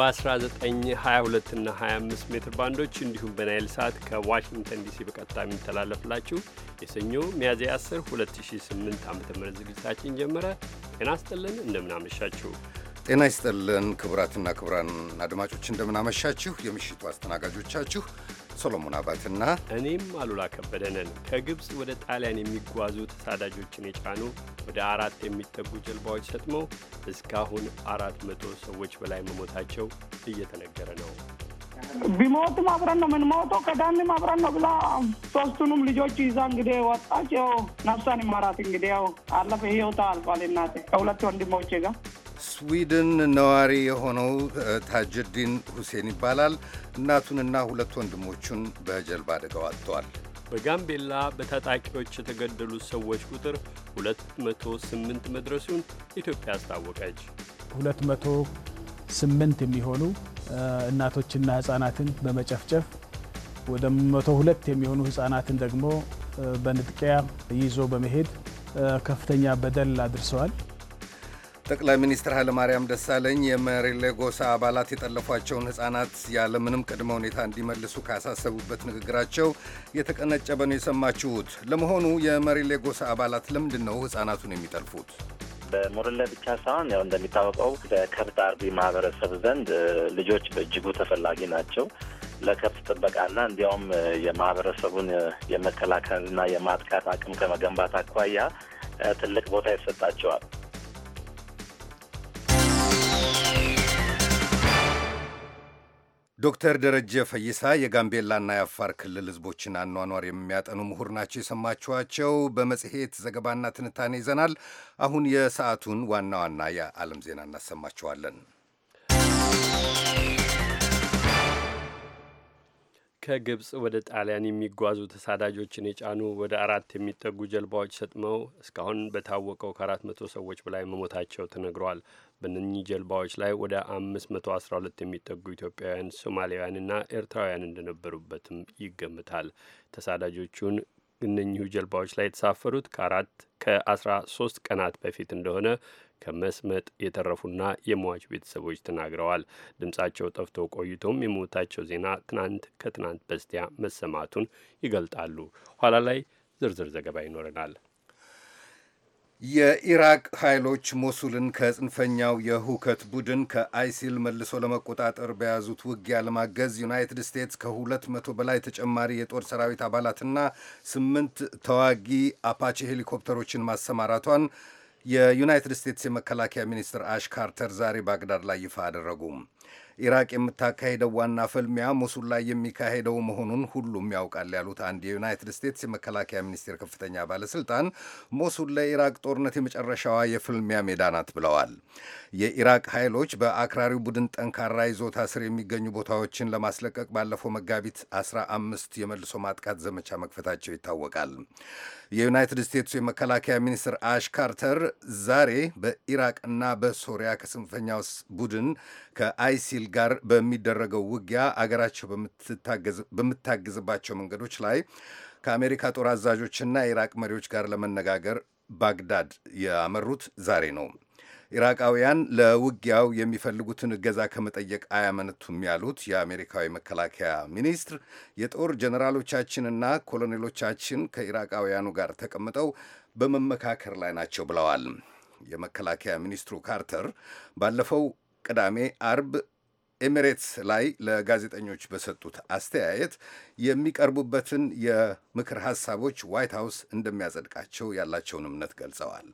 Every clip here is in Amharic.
በ1922 እና 25 ሜትር ባንዶች እንዲሁም በናይል ሰዓት ከዋሽንግተን ዲሲ በቀጥታ የሚተላለፍላችሁ የሰኞ ሚያዝያ 10 2008 ዓ ም ዝግጅታችን ጀመረ። ጤና ይስጥልን፣ እንደምናመሻችሁ። ጤና ይስጥልን ክቡራትና ክቡራን አድማጮች እንደምናመሻችሁ። የምሽቱ አስተናጋጆቻችሁ ሶሎሞን አባትና እኔም አሉላ ከበደንን ከግብፅ ወደ ጣሊያን የሚጓዙ ተሳዳጆችን የጫኑ ወደ አራት የሚጠጉ ጀልባዎች ሰጥመው እስካሁን አራት መቶ ሰዎች በላይ መሞታቸው እየተነገረ ነው። ቢሞቱም አብረን ነው የምንሞተው፣ ከዳንም አብረን ነው ብላ ሶስቱንም ልጆች ይዛ እንግዲህ ወጣች። ያው ነፍሷን ይማራት እንግዲህ ያው አለፈ፣ ህይወቷ አልፏል። እናቴ ከሁለት ወንድሞቼ ጋር ስዊድን ነዋሪ የሆነው ታጅዲን ሁሴን ይባላል። እናቱንና ሁለት ወንድሞቹን በጀልባ አደጋው አጥተዋል። በጋምቤላ በታጣቂዎች የተገደሉት ሰዎች ቁጥር 208 መድረሱን ኢትዮጵያ አስታወቀች። 208 የሚሆኑ እናቶችና ህጻናትን በመጨፍጨፍ ወደ 102 የሚሆኑ ህጻናትን ደግሞ በንጥቂያ ይዞ በመሄድ ከፍተኛ በደል አድርሰዋል። ጠቅላይ ሚኒስትር ኃይለማርያም ደሳለኝ የመሬሌ ጎሳ አባላት የጠለፏቸውን ሕፃናት ያለምንም ቅድመ ሁኔታ እንዲመልሱ ካሳሰቡበት ንግግራቸው የተቀነጨበ ነው የሰማችሁት። ለመሆኑ የመሬሌ ጎሳ አባላት ለምንድን ነው ሕፃናቱን የሚጠልፉት? በሞረለ ብቻ ሳይሆን ያው እንደሚታወቀው በከብት አርቢ ማህበረሰብ ዘንድ ልጆች በእጅጉ ተፈላጊ ናቸው ለከብት ጥበቃና እንዲያውም የማህበረሰቡን የመከላከልና የማጥቃት አቅም ከመገንባት አኳያ ትልቅ ቦታ ይሰጣቸዋል። ዶክተር ደረጀ ፈይሳ የጋምቤላና የአፋር ክልል ህዝቦችን አኗኗር የሚያጠኑ ምሁር ናቸው የሰማችኋቸው። በመጽሔት ዘገባና ትንታኔ ይዘናል። አሁን የሰዓቱን ዋና ዋና የዓለም ዜና እናሰማችኋለን። ከግብፅ ወደ ጣሊያን የሚጓዙ ተሳዳጆችን የጫኑ ወደ አራት የሚጠጉ ጀልባዎች ሰጥመው እስካሁን በታወቀው ከአራት መቶ ሰዎች በላይ መሞታቸው ተነግሯል። በነኚህ ጀልባዎች ላይ ወደ አምስት መቶ አስራ ሁለት የሚጠጉ ኢትዮጵያውያን፣ ሶማሊያውያንና ኤርትራውያን እንደነበሩበትም ይገምታል። ተሳዳጆቹን እነኚሁ ጀልባዎች ላይ የተሳፈሩት ከአራት ከአስራ ሶስት ቀናት በፊት እንደሆነ ከመስመጥ የተረፉና የሟች ቤተሰቦች ተናግረዋል። ድምጻቸው ጠፍቶ ቆይቶም የሞታቸው ዜና ትናንት ከትናንት በስቲያ መሰማቱን ይገልጣሉ። ኋላ ላይ ዝርዝር ዘገባ ይኖረናል። የኢራቅ ኃይሎች ሞሱልን ከጽንፈኛው የሁከት ቡድን ከአይሲል መልሶ ለመቆጣጠር በያዙት ውጊያ ለማገዝ ዩናይትድ ስቴትስ ከሁለት መቶ በላይ ተጨማሪ የጦር ሰራዊት አባላትና ስምንት ተዋጊ አፓቼ ሄሊኮፕተሮችን ማሰማራቷን የዩናይትድ ስቴትስ የመከላከያ ሚኒስትር አሽ ካርተር ዛሬ ባግዳድ ላይ ይፋ አደረጉ። ኢራቅ የምታካሄደው ዋና ፍልሚያ ሞሱል ላይ የሚካሄደው መሆኑን ሁሉም ያውቃል ያሉት አንድ የዩናይትድ ስቴትስ የመከላከያ ሚኒስቴር ከፍተኛ ባለስልጣን ሞሱል ለኢራቅ ጦርነት የመጨረሻዋ የፍልሚያ ሜዳ ናት ብለዋል። የኢራቅ ኃይሎች በአክራሪው ቡድን ጠንካራ ይዞታ ስር የሚገኙ ቦታዎችን ለማስለቀቅ ባለፈው መጋቢት 15 የመልሶ ማጥቃት ዘመቻ መክፈታቸው ይታወቃል። የዩናይትድ ስቴትሱ የመከላከያ ሚኒስትር አሽ ካርተር ዛሬ በኢራቅና በሶሪያ ከጽንፈኛው ቡድን ከአይሲል ጋር በሚደረገው ውጊያ አገራቸው በምታግዝባቸው መንገዶች ላይ ከአሜሪካ ጦር አዛዦችና የኢራቅ መሪዎች ጋር ለመነጋገር ባግዳድ ያመሩት ዛሬ ነው። ኢራቃውያን ለውጊያው የሚፈልጉትን እገዛ ከመጠየቅ አያመነቱም ያሉት የአሜሪካዊ መከላከያ ሚኒስትር የጦር ጀኔራሎቻችንና ኮሎኔሎቻችን ከኢራቃውያኑ ጋር ተቀምጠው በመመካከር ላይ ናቸው ብለዋል። የመከላከያ ሚኒስትሩ ካርተር ባለፈው ቅዳሜ አርብ ኤሚሬትስ ላይ ለጋዜጠኞች በሰጡት አስተያየት የሚቀርቡበትን የምክር ሀሳቦች ዋይት ሀውስ እንደሚያጸድቃቸው ያላቸውን እምነት ገልጸዋል።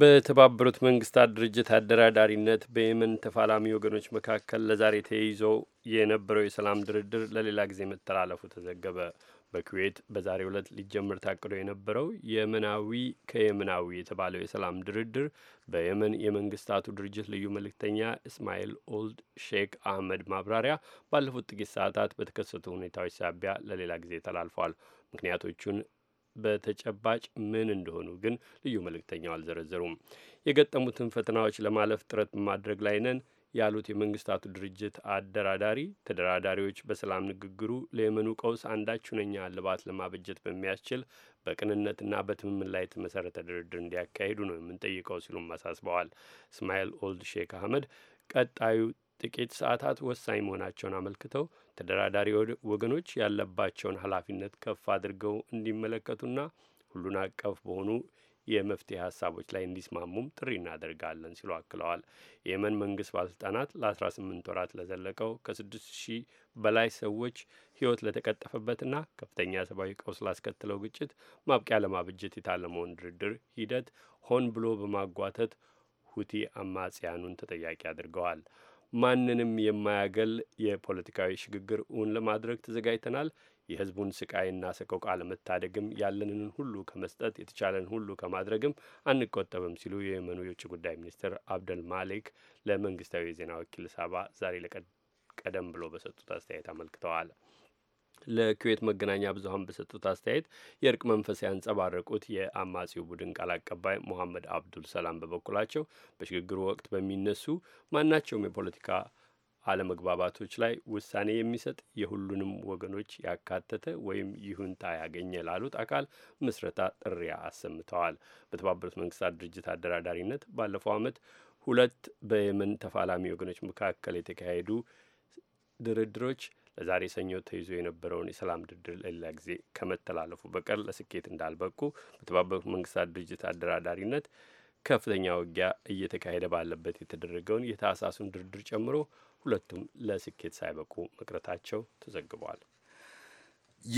በተባበሩት መንግስታት ድርጅት አደራዳሪነት በየመን ተፋላሚ ወገኖች መካከል ለዛሬ ተይዞ የነበረው የሰላም ድርድር ለሌላ ጊዜ መተላለፉ ተዘገበ። በኩዌት በዛሬ ዕለት ሊጀምር ታቅዶ የነበረው የመናዊ ከየመናዊ የተባለው የሰላም ድርድር በየመን የመንግስታቱ ድርጅት ልዩ መልእክተኛ እስማኤል ኦልድ ሼክ አህመድ ማብራሪያ ባለፉት ጥቂት ሰዓታት በተከሰቱ ሁኔታዎች ሳቢያ ለሌላ ጊዜ ተላልፏል። ምክንያቶቹን በተጨባጭ ምን እንደሆኑ ግን ልዩ መልእክተኛው አልዘረዘሩም። የገጠሙትን ፈተናዎች ለማለፍ ጥረት በማድረግ ላይ ነን ያሉት የመንግስታቱ ድርጅት አደራዳሪ ተደራዳሪዎች በሰላም ንግግሩ ለየመኑ ቀውስ አንዳች ሁነኛ እልባት ለማበጀት በሚያስችል በቅንነትና በትምምን ላይ የተመሰረተ ድርድር እንዲያካሂዱ ነው የምንጠይቀው ሲሉም አሳስበዋል። እስማኤል ኦልድ ሼክ አህመድ ቀጣዩ ጥቂት ሰዓታት ወሳኝ መሆናቸውን አመልክተው ተደራዳሪ ወገኖች ያለባቸውን ኃላፊነት ከፍ አድርገው እንዲመለከቱና ሁሉን አቀፍ በሆኑ የመፍትሄ ሀሳቦች ላይ እንዲስማሙም ጥሪ እናደርጋለን ሲሉ አክለዋል። የየመን መንግስት ባለስልጣናት ለ18 ወራት ለዘለቀው 6 ሺህ በላይ ሰዎች ህይወት ለተቀጠፈበትና ከፍተኛ ሰብአዊ ቀውስ ላስከትለው ግጭት ማብቂያ ለማብጀት የታለመውን ድርድር ሂደት ሆን ብሎ በማጓተት ሁቲ አማጽያኑን ተጠያቂ አድርገዋል። ማንንም የማያገል የፖለቲካዊ ሽግግር እውን ለማድረግ ተዘጋጅተናል። የህዝቡን ስቃይና ሰቆቃ ለመታደግም ያለንን ሁሉ ከመስጠት የተቻለን ሁሉ ከማድረግም አንቆጠብም ሲሉ የየመኑ የውጭ ጉዳይ ሚኒስትር አብደል ማሊክ ለመንግስታዊ የዜና ወኪል ሳባ ዛሬ ቀደም ብሎ በሰጡት አስተያየት አመልክተዋል። ለኩዌት መገናኛ ብዙሀን በሰጡት አስተያየት የእርቅ መንፈስ ያንጸባረቁት የአማጺው ቡድን ቃል አቀባይ ሞሐመድ አብዱል ሰላም በበኩላቸው በሽግግሩ ወቅት በሚነሱ ማናቸውም የፖለቲካ አለመግባባቶች ላይ ውሳኔ የሚሰጥ የሁሉንም ወገኖች ያካተተ ወይም ይሁንታ ያገኘ ላሉት አካል ምስረታ ጥሪ አሰምተዋል። በተባበሩት መንግስታት ድርጅት አደራዳሪነት ባለፈው ዓመት ሁለት በየመን ተፋላሚ ወገኖች መካከል የተካሄዱ ድርድሮች ለዛሬ ሰኞ ተይዞ የነበረውን የሰላም ድርድር ለሌላ ጊዜ ከመተላለፉ በቀር ለስኬት እንዳልበቁ በተባበሩት መንግስታት ድርጅት አደራዳሪነት ከፍተኛ ውጊያ እየተካሄደ ባለበት የተደረገውን የታህሳሱን ድርድር ጨምሮ ሁለቱም ለስኬት ሳይበቁ መቅረታቸው ተዘግቧል።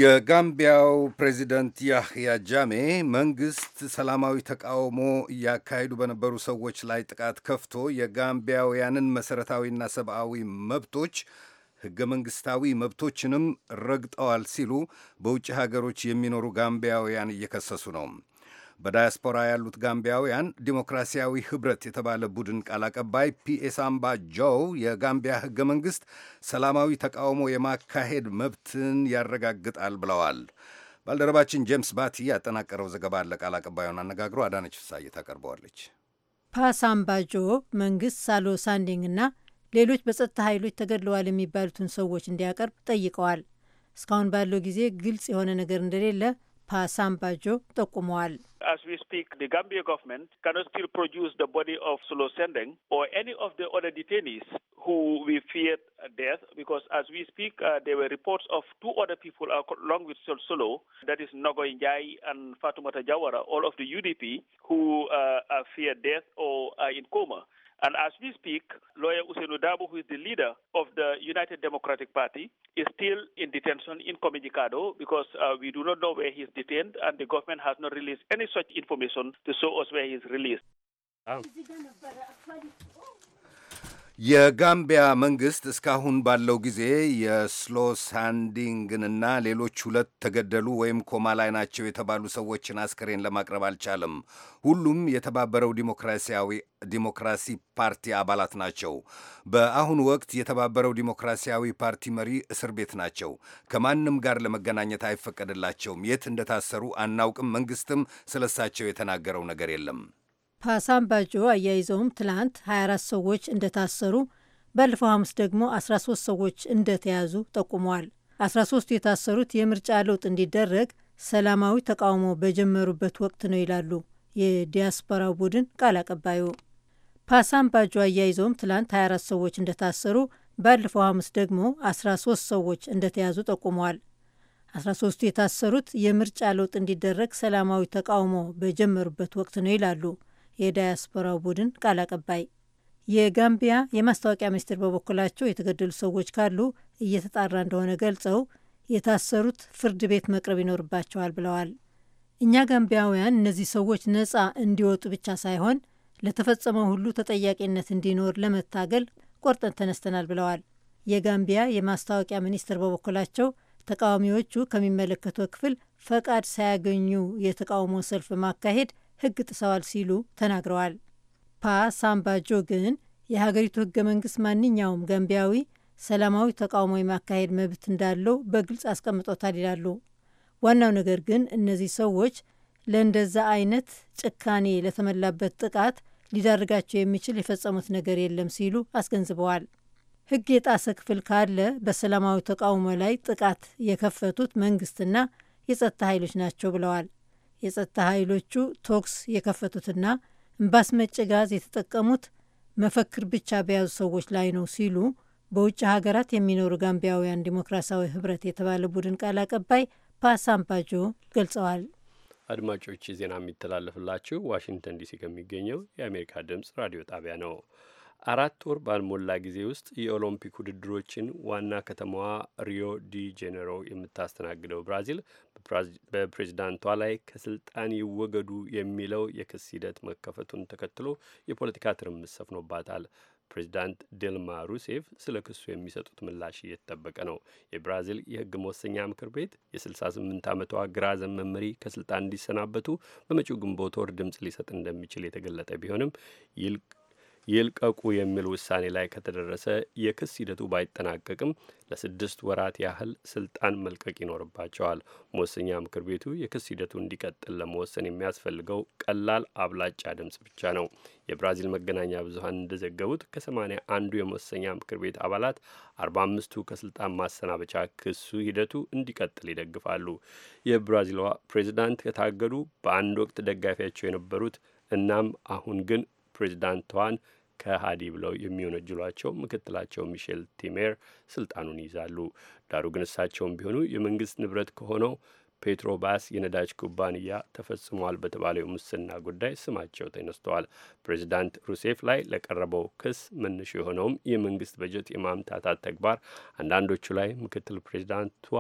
የጋምቢያው ፕሬዚደንት ያህያ ጃሜ መንግስት ሰላማዊ ተቃውሞ እያካሄዱ በነበሩ ሰዎች ላይ ጥቃት ከፍቶ የጋምቢያውያንን መሠረታዊና ሰብአዊ መብቶች ሕገ መንግሥታዊ መብቶችንም ረግጠዋል ሲሉ በውጭ ሀገሮች የሚኖሩ ጋምቢያውያን እየከሰሱ ነው። በዳያስፖራ ያሉት ጋምቢያውያን ዲሞክራሲያዊ ህብረት የተባለ ቡድን ቃል አቀባይ ፒኤሳምባ ጆው የጋምቢያ ህገ መንግሥት ሰላማዊ ተቃውሞ የማካሄድ መብትን ያረጋግጣል ብለዋል። ባልደረባችን ጄምስ ባቲ ያጠናቀረው ዘገባ አለ። ቃል አቀባዩን አነጋግሮ አዳነች ፍሳዬ ታቀርበዋለች። ፓሳምባጆ መንግስት ሳሎ ሳንዲንግና ሌሎች በጸጥታ ኃይሎች ተገድለዋል የሚባሉትን ሰዎች እንዲያቀርብ ጠይቀዋል። እስካሁን ባለው ጊዜ ግልጽ የሆነ ነገር እንደሌለ ፓሳምባጆ ጠቁመዋል። and as we speak, lawyer Usainu Dabo, who is the leader of the United Democratic Party, is still in detention in Comunicado because uh, we do not know where he is detained, and the government has not released any such information to show us where he is released. Oh. የጋምቢያ መንግስት እስካሁን ባለው ጊዜ የስሎ ሳንዲንግንና ሌሎች ሁለት ተገደሉ ወይም ኮማ ላይ ናቸው የተባሉ ሰዎችን አስክሬን ለማቅረብ አልቻለም። ሁሉም የተባበረው ዲሞክራሲያዊ ዲሞክራሲ ፓርቲ አባላት ናቸው። በአሁኑ ወቅት የተባበረው ዲሞክራሲያዊ ፓርቲ መሪ እስር ቤት ናቸው። ከማንም ጋር ለመገናኘት አይፈቀድላቸውም። የት እንደታሰሩ አናውቅም። መንግስትም ስለሳቸው የተናገረው ነገር የለም። ፓሳምባጆ አያይዘውም ትላንት 24 ሰዎች እንደታሰሩ ባለፈው ሐሙስ ደግሞ 13 ሰዎች እንደተያዙ ጠቁመዋል። 13ቱ የታሰሩት የምርጫ ለውጥ እንዲደረግ ሰላማዊ ተቃውሞ በጀመሩበት ወቅት ነው ይላሉ የዲያስፖራው ቡድን ቃል አቀባዩ። ፓሳምባጆ አያይዘውም ትላንት 24 ሰዎች እንደታሰሩ ባለፈው ሐሙስ ደግሞ 13 ሰዎች እንደተያዙ ጠቁመዋል። 13ቱ የታሰሩት የምርጫ ለውጥ እንዲደረግ ሰላማዊ ተቃውሞ በጀመሩበት ወቅት ነው ይላሉ የዳያስፖራው ቡድን ቃል አቀባይ። የጋምቢያ የማስታወቂያ ሚኒስትር በበኩላቸው የተገደሉ ሰዎች ካሉ እየተጣራ እንደሆነ ገልጸው የታሰሩት ፍርድ ቤት መቅረብ ይኖርባቸዋል ብለዋል። እኛ ጋምቢያውያን እነዚህ ሰዎች ነጻ እንዲወጡ ብቻ ሳይሆን ለተፈጸመው ሁሉ ተጠያቂነት እንዲኖር ለመታገል ቆርጠን ተነስተናል ብለዋል። የጋምቢያ የማስታወቂያ ሚኒስትር በበኩላቸው ተቃዋሚዎቹ ከሚመለከተው ክፍል ፈቃድ ሳያገኙ የተቃውሞ ሰልፍ ማካሄድ ህግ ጥሰዋል ሲሉ ተናግረዋል። ፓ ሳምባጆ ግን የሀገሪቱ ህገ መንግስት ማንኛውም ገንቢያዊ ሰላማዊ ተቃውሞ የማካሄድ መብት እንዳለው በግልጽ አስቀምጦታል ይላሉ። ዋናው ነገር ግን እነዚህ ሰዎች ለእንደዛ አይነት ጭካኔ ለተሞላበት ጥቃት ሊዳርጋቸው የሚችል የፈጸሙት ነገር የለም ሲሉ አስገንዝበዋል። ህግ የጣሰ ክፍል ካለ በሰላማዊ ተቃውሞ ላይ ጥቃት የከፈቱት መንግስትና የጸጥታ ኃይሎች ናቸው ብለዋል። የጸጥታ ኃይሎቹ ቶክስ የከፈቱትና እምባስመጭ ጋዝ የተጠቀሙት መፈክር ብቻ በያዙ ሰዎች ላይ ነው ሲሉ በውጭ ሀገራት የሚኖሩ ጋምቢያውያን ዲሞክራሲያዊ ህብረት የተባለ ቡድን ቃል አቀባይ ፓሳምፓጆ ገልጸዋል። አድማጮች ዜና የሚተላለፍላችሁ ዋሽንግተን ዲሲ ከሚገኘው የአሜሪካ ድምጽ ራዲዮ ጣቢያ ነው። አራት ወር ባልሞላ ጊዜ ውስጥ የኦሎምፒክ ውድድሮችን ዋና ከተማዋ ሪዮ ዲ ጄኔሮ የምታስተናግደው ብራዚል በፕሬዝዳንቷ ላይ ከስልጣን ይወገዱ የሚለው የክስ ሂደት መከፈቱን ተከትሎ የፖለቲካ ትርምስ ሰፍኖባታል። ፕሬዚዳንት ዲልማ ሩሴፍ ስለ ክሱ የሚሰጡት ምላሽ እየተጠበቀ ነው። የብራዚል የሕግ መወሰኛ ምክር ቤት የ68 ዓመቷ ግራ ዘመም መሪ ከስልጣን እንዲሰናበቱ በመጪው ግንቦት ወር ድምፅ ሊሰጥ እንደሚችል የተገለጠ ቢሆንም ይልቀቁ የሚል ውሳኔ ላይ ከተደረሰ የክስ ሂደቱ ባይጠናቀቅም ለስድስት ወራት ያህል ስልጣን መልቀቅ ይኖርባቸዋል። መወሰኛ ምክር ቤቱ የክስ ሂደቱ እንዲቀጥል ለመወሰን የሚያስፈልገው ቀላል አብላጫ ድምጽ ብቻ ነው። የብራዚል መገናኛ ብዙኃን እንደዘገቡት ከሰማንያ አንዱ የመወሰኛ ምክር ቤት አባላት አርባ አምስቱ ከስልጣን ማሰናበቻ ክሱ ሂደቱ እንዲቀጥል ይደግፋሉ። የብራዚሏ ፕሬዚዳንት ከታገዱ በአንድ ወቅት ደጋፊያቸው የነበሩት እናም አሁን ግን ፕሬዚዳንቷን ከሃዲ ብለው የሚወነጅሏቸው ምክትላቸው ሚሼል ቲሜር ስልጣኑን ይዛሉ። ዳሩ ግን እሳቸውም ቢሆኑ የመንግስት ንብረት ከሆነው ፔትሮባስ የነዳጅ ኩባንያ ተፈጽሟል በተባለው ሙስና ጉዳይ ስማቸው ተነስተዋል። ፕሬዚዳንት ሩሴፍ ላይ ለቀረበው ክስ መነሻ የሆነውም የመንግስት በጀት የማምታታት ተግባር አንዳንዶቹ ላይ ምክትል ፕሬዚዳንቷ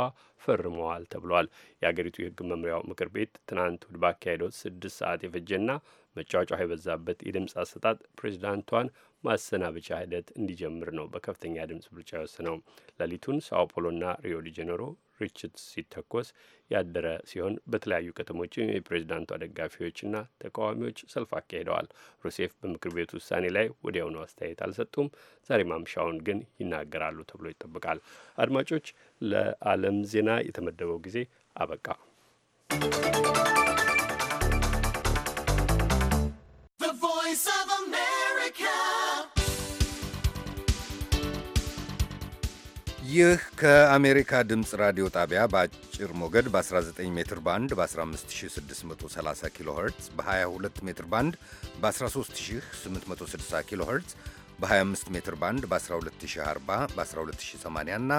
ፈርመዋል ተብሏል። የአገሪቱ የህግ መምሪያው ምክር ቤት ትናንት እሁድ ባካሄደው ስድስት ሰዓት የፈጀና መጫወጫ የበዛበት የድምፅ አሰጣጥ ፕሬዚዳንቷን ማሰናበቻ ሂደት እንዲጀምር ነው በከፍተኛ ድምፅ ብልጫ የወሰነው። ሌሊቱን ሳኦ ፖሎና ሪዮ ዲ ጄኔሮ ርችት ሲተኮስ ያደረ ሲሆን በተለያዩ ከተሞች የፕሬዚዳንቷ ደጋፊዎችና ተቃዋሚዎች ሰልፍ አካሂደዋል። ሩሴፍ በምክር ቤቱ ውሳኔ ላይ ወዲያውኑ አስተያየት አልሰጡም። ዛሬ ማምሻውን ግን ይናገራሉ ተብሎ ይጠበቃል። አድማጮች፣ ለዓለም ዜና የተመደበው ጊዜ አበቃ። ይህ ከአሜሪካ ድምፅ ራዲዮ ጣቢያ በአጭር ሞገድ በ19 ሜትር ባንድ በ15630 ኪሎ ኸርትዝ በ22 ሜትር ባንድ በ13860 ኪሎ ኸርትዝ በ25 ሜትር ባንድ በ12040 በ12080 እና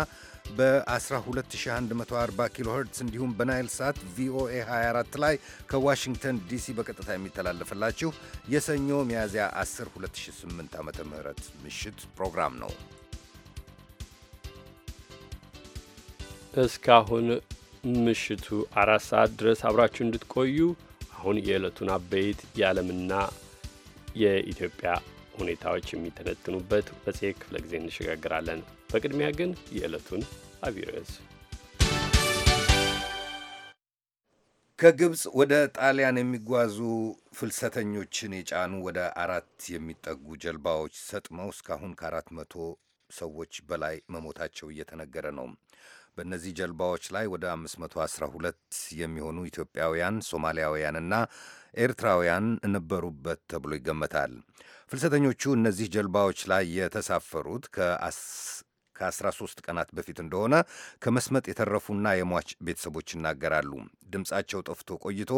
በ12140 ኪሎ ኸርትዝ እንዲሁም በናይል ሳት ቪኦኤ 24 ላይ ከዋሽንግተን ዲሲ በቀጥታ የሚተላለፍላችሁ የሰኞ ሚያዝያ 10 2008 ዓ ም ምሽት ፕሮግራም ነው። እስካሁን ምሽቱ አራት ሰዓት ድረስ አብራችሁ እንድትቆዩ አሁን የዕለቱን አበይት የዓለምና የኢትዮጵያ ሁኔታዎች የሚተነትኑበት መጽሔት ክፍለ ጊዜ እንሸጋግራለን። በቅድሚያ ግን የዕለቱን አብይ ርዕስ ከግብፅ ወደ ጣሊያን የሚጓዙ ፍልሰተኞችን የጫኑ ወደ አራት የሚጠጉ ጀልባዎች ሰጥመው እስካሁን ከአራት መቶ ሰዎች በላይ መሞታቸው እየተነገረ ነው። በእነዚህ ጀልባዎች ላይ ወደ 512 የሚሆኑ ኢትዮጵያውያን፣ ሶማሊያውያንና ኤርትራውያን ነበሩበት ተብሎ ይገመታል። ፍልሰተኞቹ እነዚህ ጀልባዎች ላይ የተሳፈሩት ከ13 ቀናት በፊት እንደሆነ ከመስመጥ የተረፉና የሟች ቤተሰቦች ይናገራሉ። ድምፃቸው ጠፍቶ ቆይቶ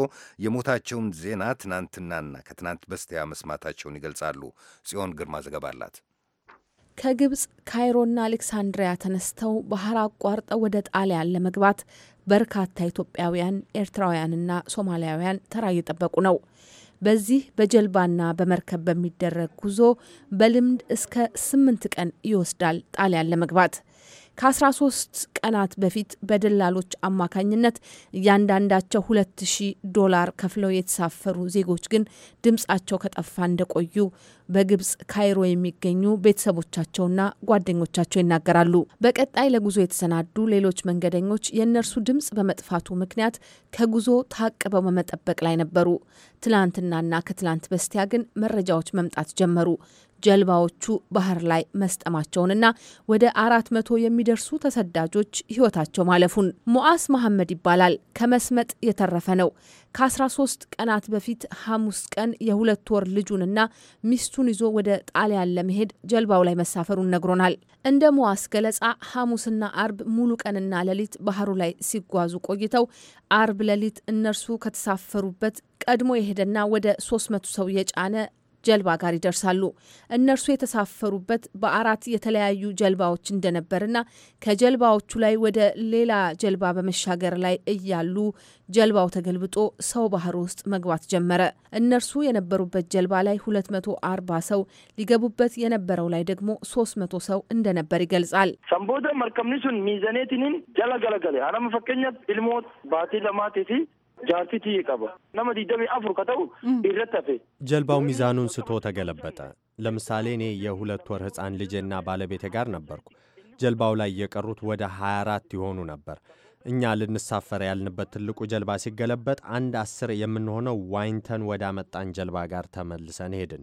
የሞታቸውን ዜና ትናንትናና ከትናንት በስቲያ መስማታቸውን ይገልጻሉ። ጽዮን ግርማ ዘገባ አላት። ከግብፅ ካይሮና አሌክሳንድሪያ ተነስተው ባህር አቋርጠው ወደ ጣሊያን ለመግባት በርካታ ኢትዮጵያውያን፣ ኤርትራውያንና ሶማሊያውያን ተራ እየጠበቁ ነው። በዚህ በጀልባና በመርከብ በሚደረግ ጉዞ በልምድ እስከ ስምንት ቀን ይወስዳል ጣሊያን ለመግባት። ከ13 ቀናት በፊት በደላሎች አማካኝነት እያንዳንዳቸው 2000 ዶላር ከፍለው የተሳፈሩ ዜጎች ግን ድምጻቸው ከጠፋ እንደቆዩ በግብጽ ካይሮ የሚገኙ ቤተሰቦቻቸውና ጓደኞቻቸው ይናገራሉ። በቀጣይ ለጉዞ የተሰናዱ ሌሎች መንገደኞች የእነርሱ ድምጽ በመጥፋቱ ምክንያት ከጉዞ ታቅበው በመጠበቅ ላይ ነበሩ። ትላንትናና ከትላንት በስቲያ ግን መረጃዎች መምጣት ጀመሩ። ጀልባዎቹ ባህር ላይ መስጠማቸውንና ወደ አራት መቶ የሚደርሱ ተሰዳጆች ህይወታቸው ማለፉን ሞአስ መሐመድ ይባላል ከመስመጥ የተረፈ ነው። ከ13 ቀናት በፊት ሐሙስ ቀን የሁለት ወር ልጁንና ሚስቱን ይዞ ወደ ጣሊያን ለመሄድ ጀልባው ላይ መሳፈሩን ነግሮናል። እንደ ሙዓስ ገለጻ ሐሙስና አርብ ሙሉ ቀንና ሌሊት ባህሩ ላይ ሲጓዙ ቆይተው አርብ ሌሊት እነርሱ ከተሳፈሩበት ቀድሞ የሄደና ወደ 300 ሰው የጫነ ጀልባ ጋር ይደርሳሉ። እነርሱ የተሳፈሩበት በአራት የተለያዩ ጀልባዎች እንደነበርና ከጀልባዎቹ ላይ ወደ ሌላ ጀልባ በመሻገር ላይ እያሉ ጀልባው ተገልብጦ ሰው ባህር ውስጥ መግባት ጀመረ። እነርሱ የነበሩበት ጀልባ ላይ 240 ሰው ሊገቡበት የነበረው ላይ ደግሞ 300 ሰው እንደነበር ይገልጻል። ሰንቦደ መርከምኒሱን ሚዘኔቲኒን ጀለገለገለ አረመፈቀኛት ልሞት ባቲ ለማቴፊ jaarsitii ቀበ ነመ ዲደሚ አፍሩ ከተው irratti ጀልባው ሚዛኑን ስቶ ተገለበጠ። ለምሳሌ እኔ የሁለት ወር ሕፃን ልጄና ባለቤቴ ጋር ነበርኩ። ጀልባው ላይ የቀሩት ወደ 24 የሆኑ ነበር። እኛ ልንሳፈር ያልንበት ትልቁ ጀልባ ሲገለበጥ አንድ አስር የምንሆነው ዋይንተን ወዳመጣን ጀልባ ጋር ተመልሰን ሄድን።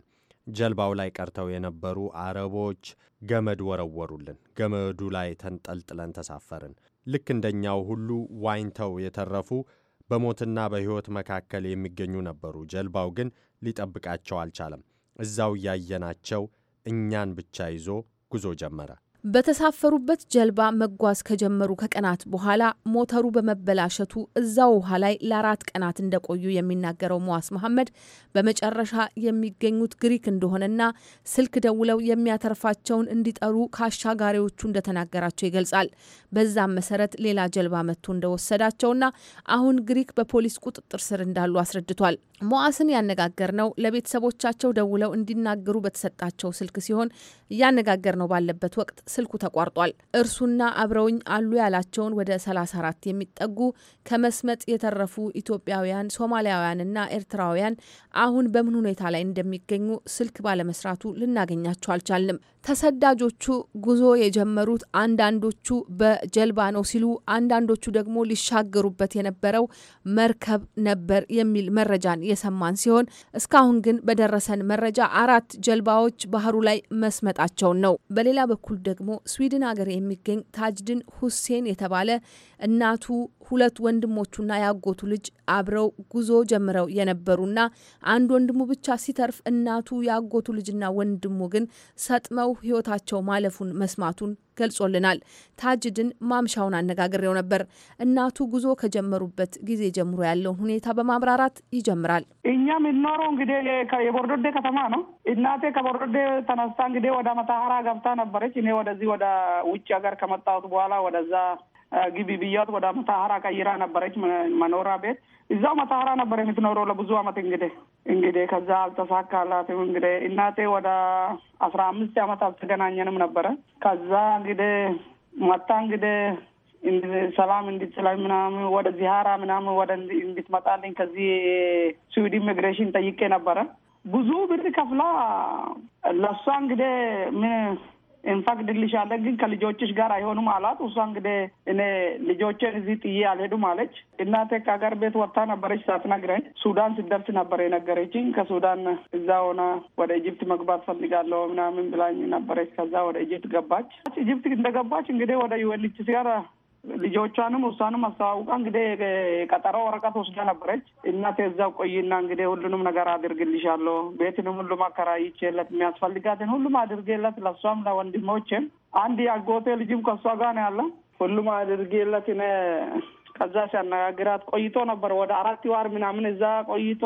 ጀልባው ላይ ቀርተው የነበሩ አረቦች ገመድ ወረወሩልን። ገመዱ ላይ ተንጠልጥለን ተሳፈርን። ልክ እንደኛው ሁሉ ዋኝተው የተረፉ በሞትና በሕይወት መካከል የሚገኙ ነበሩ። ጀልባው ግን ሊጠብቃቸው አልቻለም። እዛው ያየናቸው እኛን ብቻ ይዞ ጉዞ ጀመረ። በተሳፈሩበት ጀልባ መጓዝ ከጀመሩ ከቀናት በኋላ ሞተሩ በመበላሸቱ እዛው ውሃ ላይ ለአራት ቀናት እንደቆዩ የሚናገረው መዋስ መሐመድ በመጨረሻ የሚገኙት ግሪክ እንደሆነና ስልክ ደውለው የሚያተርፋቸውን እንዲጠሩ ከአሻጋሪዎቹ እንደተናገራቸው ይገልጻል። በዛም መሰረት ሌላ ጀልባ መጥቶ እንደወሰዳቸውና አሁን ግሪክ በፖሊስ ቁጥጥር ስር እንዳሉ አስረድቷል። መዋስን ያነጋገር ነው ለቤተሰቦቻቸው ደውለው እንዲናገሩ በተሰጣቸው ስልክ ሲሆን እያነጋገር ነው ባለበት ወቅት ስልኩ ተቋርጧል። እርሱና አብረውኝ አሉ ያላቸውን ወደ 34 የሚጠጉ ከመስመጥ የተረፉ ኢትዮጵያውያን፣ ሶማሊያውያንና ኤርትራውያን አሁን በምን ሁኔታ ላይ እንደሚገኙ ስልክ ባለመስራቱ ልናገኛቸው አልቻልንም። ተሰዳጆቹ ጉዞ የጀመሩት አንዳንዶቹ በጀልባ ነው ሲሉ አንዳንዶቹ ደግሞ ሊሻገሩበት የነበረው መርከብ ነበር የሚል መረጃን የሰማን ሲሆን እስካሁን ግን በደረሰን መረጃ አራት ጀልባዎች ባህሩ ላይ መስመጣቸውን ነው። በሌላ በኩል ደግሞ ስዊድን ሀገር የሚገኝ ታጅድን ሁሴን የተባለ እናቱ ሁለት ወንድሞቹና ያጎቱ ልጅ አብረው ጉዞ ጀምረው የነበሩና አንድ ወንድሙ ብቻ ሲተርፍ እናቱ ያጎቱ ልጅና ወንድሙ ግን ሰጥመው ህይወታቸው ማለፉን መስማቱን ገልጾልናል። ታጅድን ማምሻውን አነጋግሬው ነበር። እናቱ ጉዞ ከጀመሩበት ጊዜ ጀምሮ ያለውን ሁኔታ በማብራራት ይጀምራል። እኛ የምንኖረው እንግዲህ የቦርዶዴ ከተማ ነው። እናቴ ከቦርዶዴ ተነስታ እንግዲህ ወደ መታሀራ ገብታ ነበረች። እኔ ወደዚህ ወደ ውጭ ሀገር ከመጣሁት በኋላ ወደዛ ግቢ ብያት ወደ መታሀራ ቀይራ ነበረች መኖሪያ ቤት እዛው መታሀራ ነበር የምትኖረው ለብዙ አመት እንግዲህ እንግዲህ ከዛ አልተሳካላትም። እንግዲህ እናቴ ወደ አስራ አምስት አመት አልተገናኘንም ነበረ። ከዛ እንግዲህ መታ እንግዲህ ሰላም እንድትለኝ ምናምን ወደ ዚሃራ ምናምን ወደ እንድትመጣልኝ ከዚህ ስዊድ ኢሚግሬሽን ጠይቄ ነበረ። ብዙ ብር ከፍላ ለሷ እንግዲህ ምን እንፈቅድልሻለን ግን ከልጆችሽ ጋር አይሆኑም አሏት። እሷ እንግዲህ እኔ ልጆችን እዚህ ጥዬ አልሄዱም አለች። እናቴ ከሀገር ቤት ወጥታ ነበረች ሳትነግረኝ። ሱዳን ስደርስ ነበር የነገረችኝ። ከሱዳን እዛ ሆና ወደ ኢጅፕት መግባት ፈልጋለሁ ምናምን ብላኝ ነበረች። ከዛ ወደ ኢጅፕት ገባች። ኢጅፕት እንደገባች እንግዲህ ወደ ዩኤንኤችሲአር ልጆቿንም እሷንም አስተዋውቃ እንግዲህ ቀጠሮ ወረቀት ወስዳ ነበረች። እናቴ እዛው ቆይና እንግዲህ ሁሉንም ነገር አድርግልሻለሁ፣ ቤትንም ሁሉም አከራይቼለት የሚያስፈልጋትን ሁሉም አድርጌለት ለእሷም ለወንድሞቼም አንድ ያጎቴ ልጅም ከእሷ ጋር ነው ያለ ሁሉም አድርጌለት እኔ ከዛ ሲያነጋግራት ቆይቶ ነበር። ወደ አራት ዋር ምናምን እዛ ቆይቶ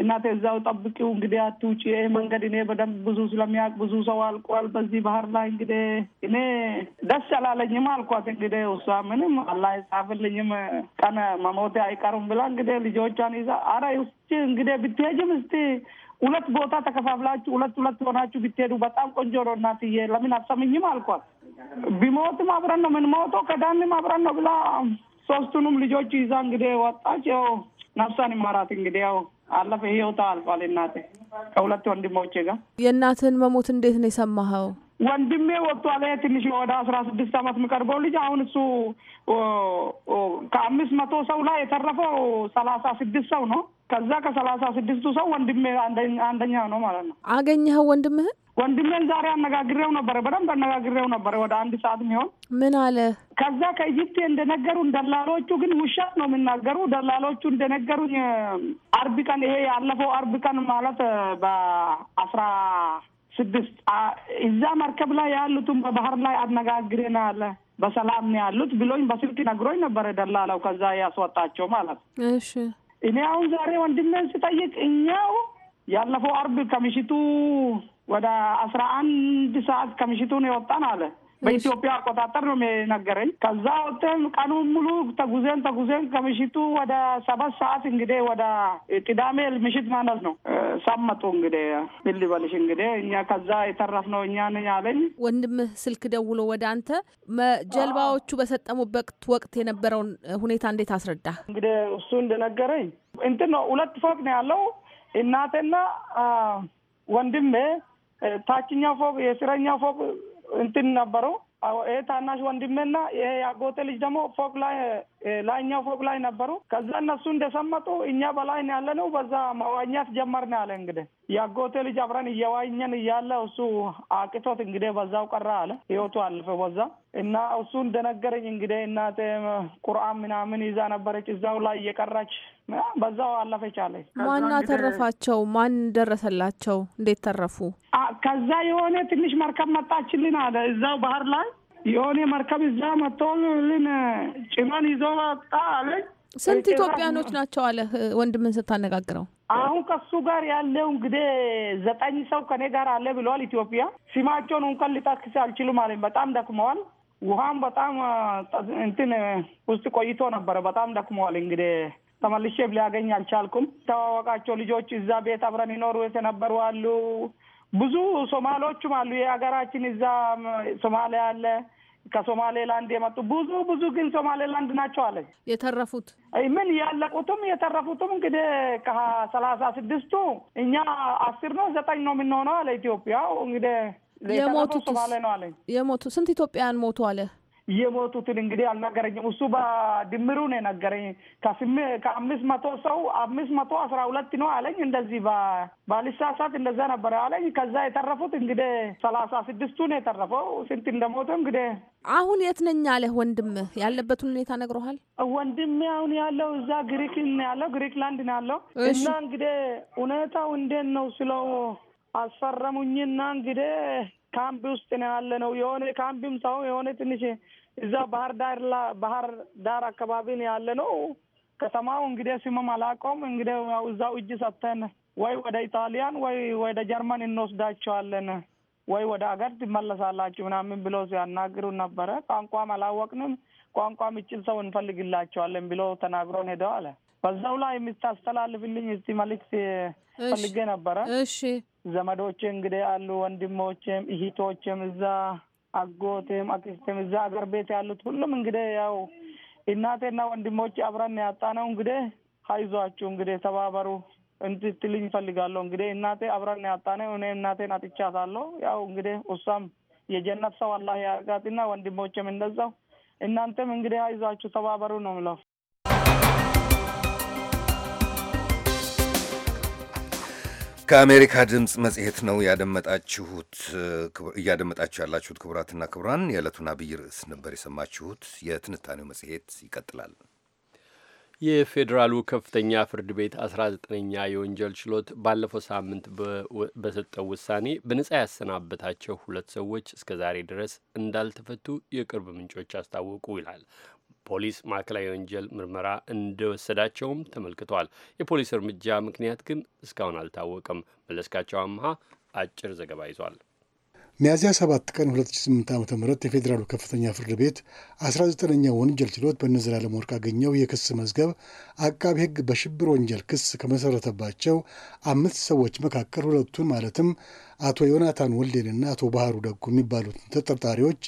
እናተ እዛው ጠብቂው እንግዲህ አትውጪ። መንገድ እኔ በደንብ ብዙ ስለሚያውቅ ብዙ ሰው አልቋል በዚህ ባህር ላይ እንግዲህ እኔ ደስ አላለኝም አልኳት። እንግዲህ እሷ ምንም አላህ ይጻፍልኝም ቀን መሞቴ አይቀርም ብላ እንግዲህ ልጆቿን ይዛ አረ ውስጭ እንግዲህ ብትሄጅም እስቲ ሁለት ቦታ ተከፋፍላችሁ ሁለት ሁለት ሆናችሁ ብትሄዱ በጣም ቆንጆ ነው እናትዬ፣ ለምን አሰምኝም አልኳት። ቢሞትም አብረን ነው ሞቶ ከዳንም አብረን ነው ብላ ሶስቱንም ልጆች ይዛ እንግዲህ ወጣች። ያው ነፍሷን ይማራት እንግዲህ ያው አለፈ ህይወቷ አልፏል። እናቴ ከሁለት ወንድሞቼ ጋር የእናትህን መሞት እንዴት ነው የሰማኸው? ወንድሜ ወጥቷል። ትንሽ ወደ አስራ ስድስት አመት የሚቀርበው ልጅ አሁን እሱ ከአምስት መቶ ሰው ላይ የተረፈው ሰላሳ ስድስት ሰው ነው ከዛ ከሰላሳ ስድስቱ ሰው ወንድሜ አንደኛ ነው ማለት ነው። አገኘኸው ወንድምህን? ወንድሜን ዛሬ አነጋግሬው ነበረ። በደንብ አነጋግሬው ነበረ ወደ አንድ ሰዓት የሚሆን ምን አለ። ከዛ ከኢጅፕት እንደነገሩን ደላሎቹ ግን ውሸት ነው የሚናገሩ ደላሎቹ እንደነገሩኝ አርብ ቀን ይሄ ያለፈው አርብ ቀን ማለት በአስራ ስድስት እዛ መርከብ ላይ ያሉትን በባህር ላይ አነጋግሬናል በሰላም ያሉት ብሎኝ በስልክ ነግሮኝ ነበረ ደላላው። ከዛ ያስወጣቸው ማለት ነው። እሺ እኔ አሁን ዛሬ ወንድሜን ስጠይቅ እኛው ያለፈው አርብ ከምሽቱ ወደ አስራ አንድ ሰዓት ከምሽቱን የወጣን አለ በኢትዮጵያ አቆጣጠር ነው የነገረኝ። ከዛ ወጥተን ቀኑን ሙሉ ተጉዘን ተጉዘን ከምሽቱ ወደ ሰባት ሰዓት እንግዲህ ወደ ቅዳሜ ምሽት ማለት ነው ሰመጡ እንግዲህ ምን ልበልሽ እንግዲህ እኛ ከዛ የተረፍነው እኛ ነኝ አለኝ። ወንድምህ ስልክ ደውሎ ወደ አንተ ጀልባዎቹ በሰጠሙበት ወቅት የነበረውን ሁኔታ እንዴት አስረዳ? እንግዲህ እሱ እንደነገረኝ እንትን ነው ሁለት ፎቅ ነው ያለው እናቴና ወንድሜ ታችኛው ፎቅ የስረኛው ፎቅ እንትን ነበረው። ይሄ ታናሽ ወንድሜና ይሄ ያጎቴ ልጅ ደግሞ ፎቅ ላይ ላይኛው ፎቅ ላይ ነበሩ። ከዛ እነሱ እንደሰመጡ እኛ በላይ ነው ያለ ነው። በዛ መዋኛት ጀመርን አለ እንግዲህ የአጎቴ ልጅ አብረን እየዋኘን እያለ እሱ አቅቶት እንግዲህ በዛው ቀራ አለ። ህይወቱ አለፈ በዛ እና እሱ እንደነገረኝ እንግዲህ እናቴ ቁርአን ምናምን ይዛ ነበረች እዛው ላይ እየቀራች በዛው አለፈች አለ። ማን አተረፋቸው? ማን ደረሰላቸው? እንዴት ተረፉ? ከዛ የሆነ ትንሽ መርከብ መጣችልን አለ እዛው ባህር ላይ የሆነ መርከብ እዛ መጥቶ ልን ጭመን ይዞ መጣ አለኝ። ስንት ኢትዮጵያኖች ናቸው አለህ ወንድምን ስታነጋግረው? አሁን ከሱ ጋር ያለው እንግዲህ ዘጠኝ ሰው ከኔ ጋር አለ ብለዋል። ኢትዮጵያ ስማቸውን እንኳን ልጠቅስ አልችልም አለኝ። በጣም ደክመዋል። ውሃም በጣም እንትን ውስጥ ቆይቶ ነበረ። በጣም ደክመዋል። እንግዲህ ተመልሼ ሊያገኝ አልቻልኩም። ተዋወቃቸው ልጆች እዛ ቤት አብረን ይኖሩ የነበሩ አሉ ብዙ ሶማሌዎችም አሉ። የሀገራችን እዛ ሶማሊያ አለ ከሶማሌላንድ የመጡ ብዙ ብዙ ግን ሶማሌላንድ ናቸው አለ የተረፉት ምን ያለቁትም የተረፉትም እንግዲህ ከሰላሳ ስድስቱ እኛ አስር ነው ዘጠኝ ነው የምንሆነው አለ ኢትዮጵያው እንግዲህ የሞቱ ሶማሌ ነው አለ የሞቱ ስንት ኢትዮጵያውያን ሞቱ አለ የሞቱትን እንግዲህ አልነገረኝም። እሱ በድምሩ ነው የነገረኝ። ከአምስት መቶ ሰው አምስት መቶ አስራ ሁለት ነው አለኝ። እንደዚህ ባልሳሳት እንደዛ ነበረ አለኝ። ከዛ የተረፉት እንግዲህ ሰላሳ ስድስቱ ነው የተረፈው። ስንት እንደሞተ እንግዲህ አሁን የት ነኝ አለህ ወንድም? ያለበትን ሁኔታ ነግረሃል? ወንድም አሁን ያለው እዛ ግሪክ ያለው፣ ግሪክ ላንድ ነው ያለው እና እንግዲህ ሁኔታው እንዴት ነው ስለው አስፈረሙኝና እንግዲህ ካምፕ ውስጥ ነው ያለ ነው። የሆነ ካምፕም ሳይሆን የሆነ ትንሽ እዛ ባህር ዳር ባህር ዳር አካባቢ ነው ያለ ነው። ከተማው እንግዲህ ስሙም አላውቀውም። እንግዲህ እዛው እጅ ሰጥተን ወይ ወደ ኢጣሊያን ወይ ወደ ጀርመን እንወስዳቸዋለን ወይ ወደ አገር ትመለሳላችሁ ምናምን ብሎ ሲያናግሩ ነበረ። ቋንቋም አላወቅንም። ቋንቋ የሚችል ሰው እንፈልግላቸዋለን ብሎ ተናግሮን ሄደዋል። በዛው ላይ የምታስተላልፍልኝ እስቲ መልክት ፈልጌ ነበረ። እሺ ዘመዶች እንግዲህ አሉ፣ ወንድሞችም፣ እህቶቼም እዛ አጎቴም አክስቴም እዛ አገር ቤት ያሉት ሁሉም እንግዲህ ያው እናቴና ወንድሞች አብረን ያጣ ነው። እንግዲህ ሀይዟችሁ እንግዲህ ተባበሩ እንትትልኝ ይፈልጋለሁ። እንግዲህ እናቴ አብረን ያጣ ነው። እኔ እናቴን አጥቻታለሁ። ያው እንግዲህ እሷም የጀነት ሰው አላህ ያርጋትና ወንድሞችም እንደዛው። እናንተም እንግዲህ ሀይዟችሁ ተባበሩ ነው ምለው። ከአሜሪካ ድምፅ መጽሔት ነው ያደመጣችሁት። እያደመጣችሁ ያላችሁት ክቡራትና ክቡራን የዕለቱን አብይ ርዕስ ነበር የሰማችሁት። የትንታኔው መጽሔት ይቀጥላል። የፌዴራሉ ከፍተኛ ፍርድ ቤት 19ኛ የወንጀል ችሎት ባለፈው ሳምንት በሰጠው ውሳኔ በነጻ ያሰናበታቸው ሁለት ሰዎች እስከ ዛሬ ድረስ እንዳልተፈቱ የቅርብ ምንጮች አስታወቁ ይላል ፖሊስ ማዕከላዊ ወንጀል ምርመራ እንደወሰዳቸውም ተመልክቷል። የፖሊስ እርምጃ ምክንያት ግን እስካሁን አልታወቀም። መለስካቸው አምሃ አጭር ዘገባ ይዟል። ሚያዝያ 7 ቀን 2008 ዓ ም የፌዴራሉ ከፍተኛ ፍርድ ቤት 19ኛው ወንጀል ችሎት በእነ ወርቅ አገኘው የክስ መዝገብ አቃቢ ሕግ በሽብር ወንጀል ክስ ከመሰረተባቸው አምስት ሰዎች መካከል ሁለቱን ማለትም አቶ ዮናታን ወልዴንና አቶ ባህሩ ደጉ የሚባሉትን ተጠርጣሪዎች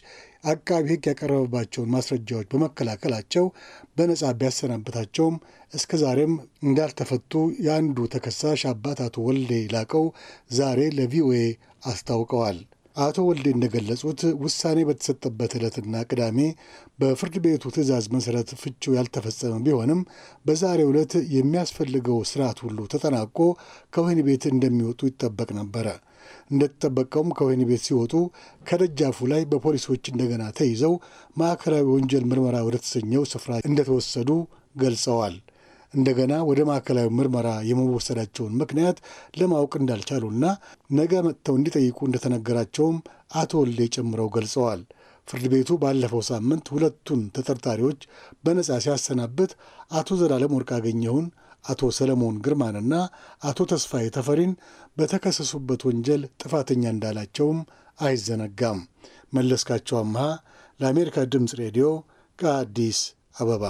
አቃቢ ሕግ ያቀረበባቸውን ማስረጃዎች በመከላከላቸው በነጻ ቢያሰናበታቸውም እስከ ዛሬም እንዳልተፈቱ የአንዱ ተከሳሽ አባት አቶ ወልዴ ላቀው ዛሬ ለቪኦኤ አስታውቀዋል። አቶ ወልዴ እንደገለጹት ውሳኔ በተሰጠበት ዕለትና ቅዳሜ በፍርድ ቤቱ ትዕዛዝ መሠረት ፍቹ ያልተፈጸመ ቢሆንም በዛሬ ዕለት የሚያስፈልገው ስርዓት ሁሉ ተጠናቆ ከወህኒ ቤት እንደሚወጡ ይጠበቅ ነበረ። እንደተጠበቀውም ከወህኒ ቤት ሲወጡ ከደጃፉ ላይ በፖሊሶች እንደገና ተይዘው ማዕከላዊ ወንጀል ምርመራ ወደተሰኘው ስፍራ እንደተወሰዱ ገልጸዋል። እንደገና ወደ ማዕከላዊ ምርመራ የመወሰዳቸውን ምክንያት ለማወቅ እንዳልቻሉና ነገ መጥተው እንዲጠይቁ እንደተነገራቸውም አቶ ወልዴ ጨምረው ገልጸዋል። ፍርድ ቤቱ ባለፈው ሳምንት ሁለቱን ተጠርጣሪዎች በነጻ ሲያሰናብት አቶ ዘላለም ወርቅ ያገኘውን አቶ ሰለሞን ግርማንና አቶ ተስፋዬ ተፈሪን በተከሰሱበት ወንጀል ጥፋተኛ እንዳላቸውም አይዘነጋም። መለስካቸው አምሃ ለአሜሪካ ድምፅ ሬዲዮ ከአዲስ አበባ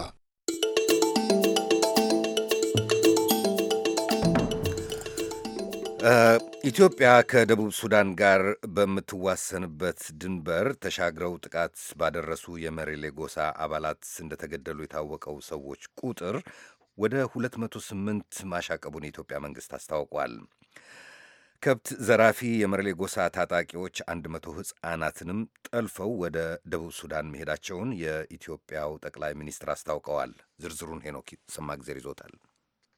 ኢትዮጵያ ከደቡብ ሱዳን ጋር በምትዋሰንበት ድንበር ተሻግረው ጥቃት ባደረሱ የመሬሌ ጎሳ አባላት እንደተገደሉ የታወቀው ሰዎች ቁጥር ወደ 208 ማሻቀቡን የኢትዮጵያ መንግሥት አስታውቋል። ከብት ዘራፊ የመሬሌ ጎሳ ታጣቂዎች 100 ሕፃናትንም ጠልፈው ወደ ደቡብ ሱዳን መሄዳቸውን የኢትዮጵያው ጠቅላይ ሚኒስትር አስታውቀዋል። ዝርዝሩን ሄኖክ ሰማግዜር ይዞታል።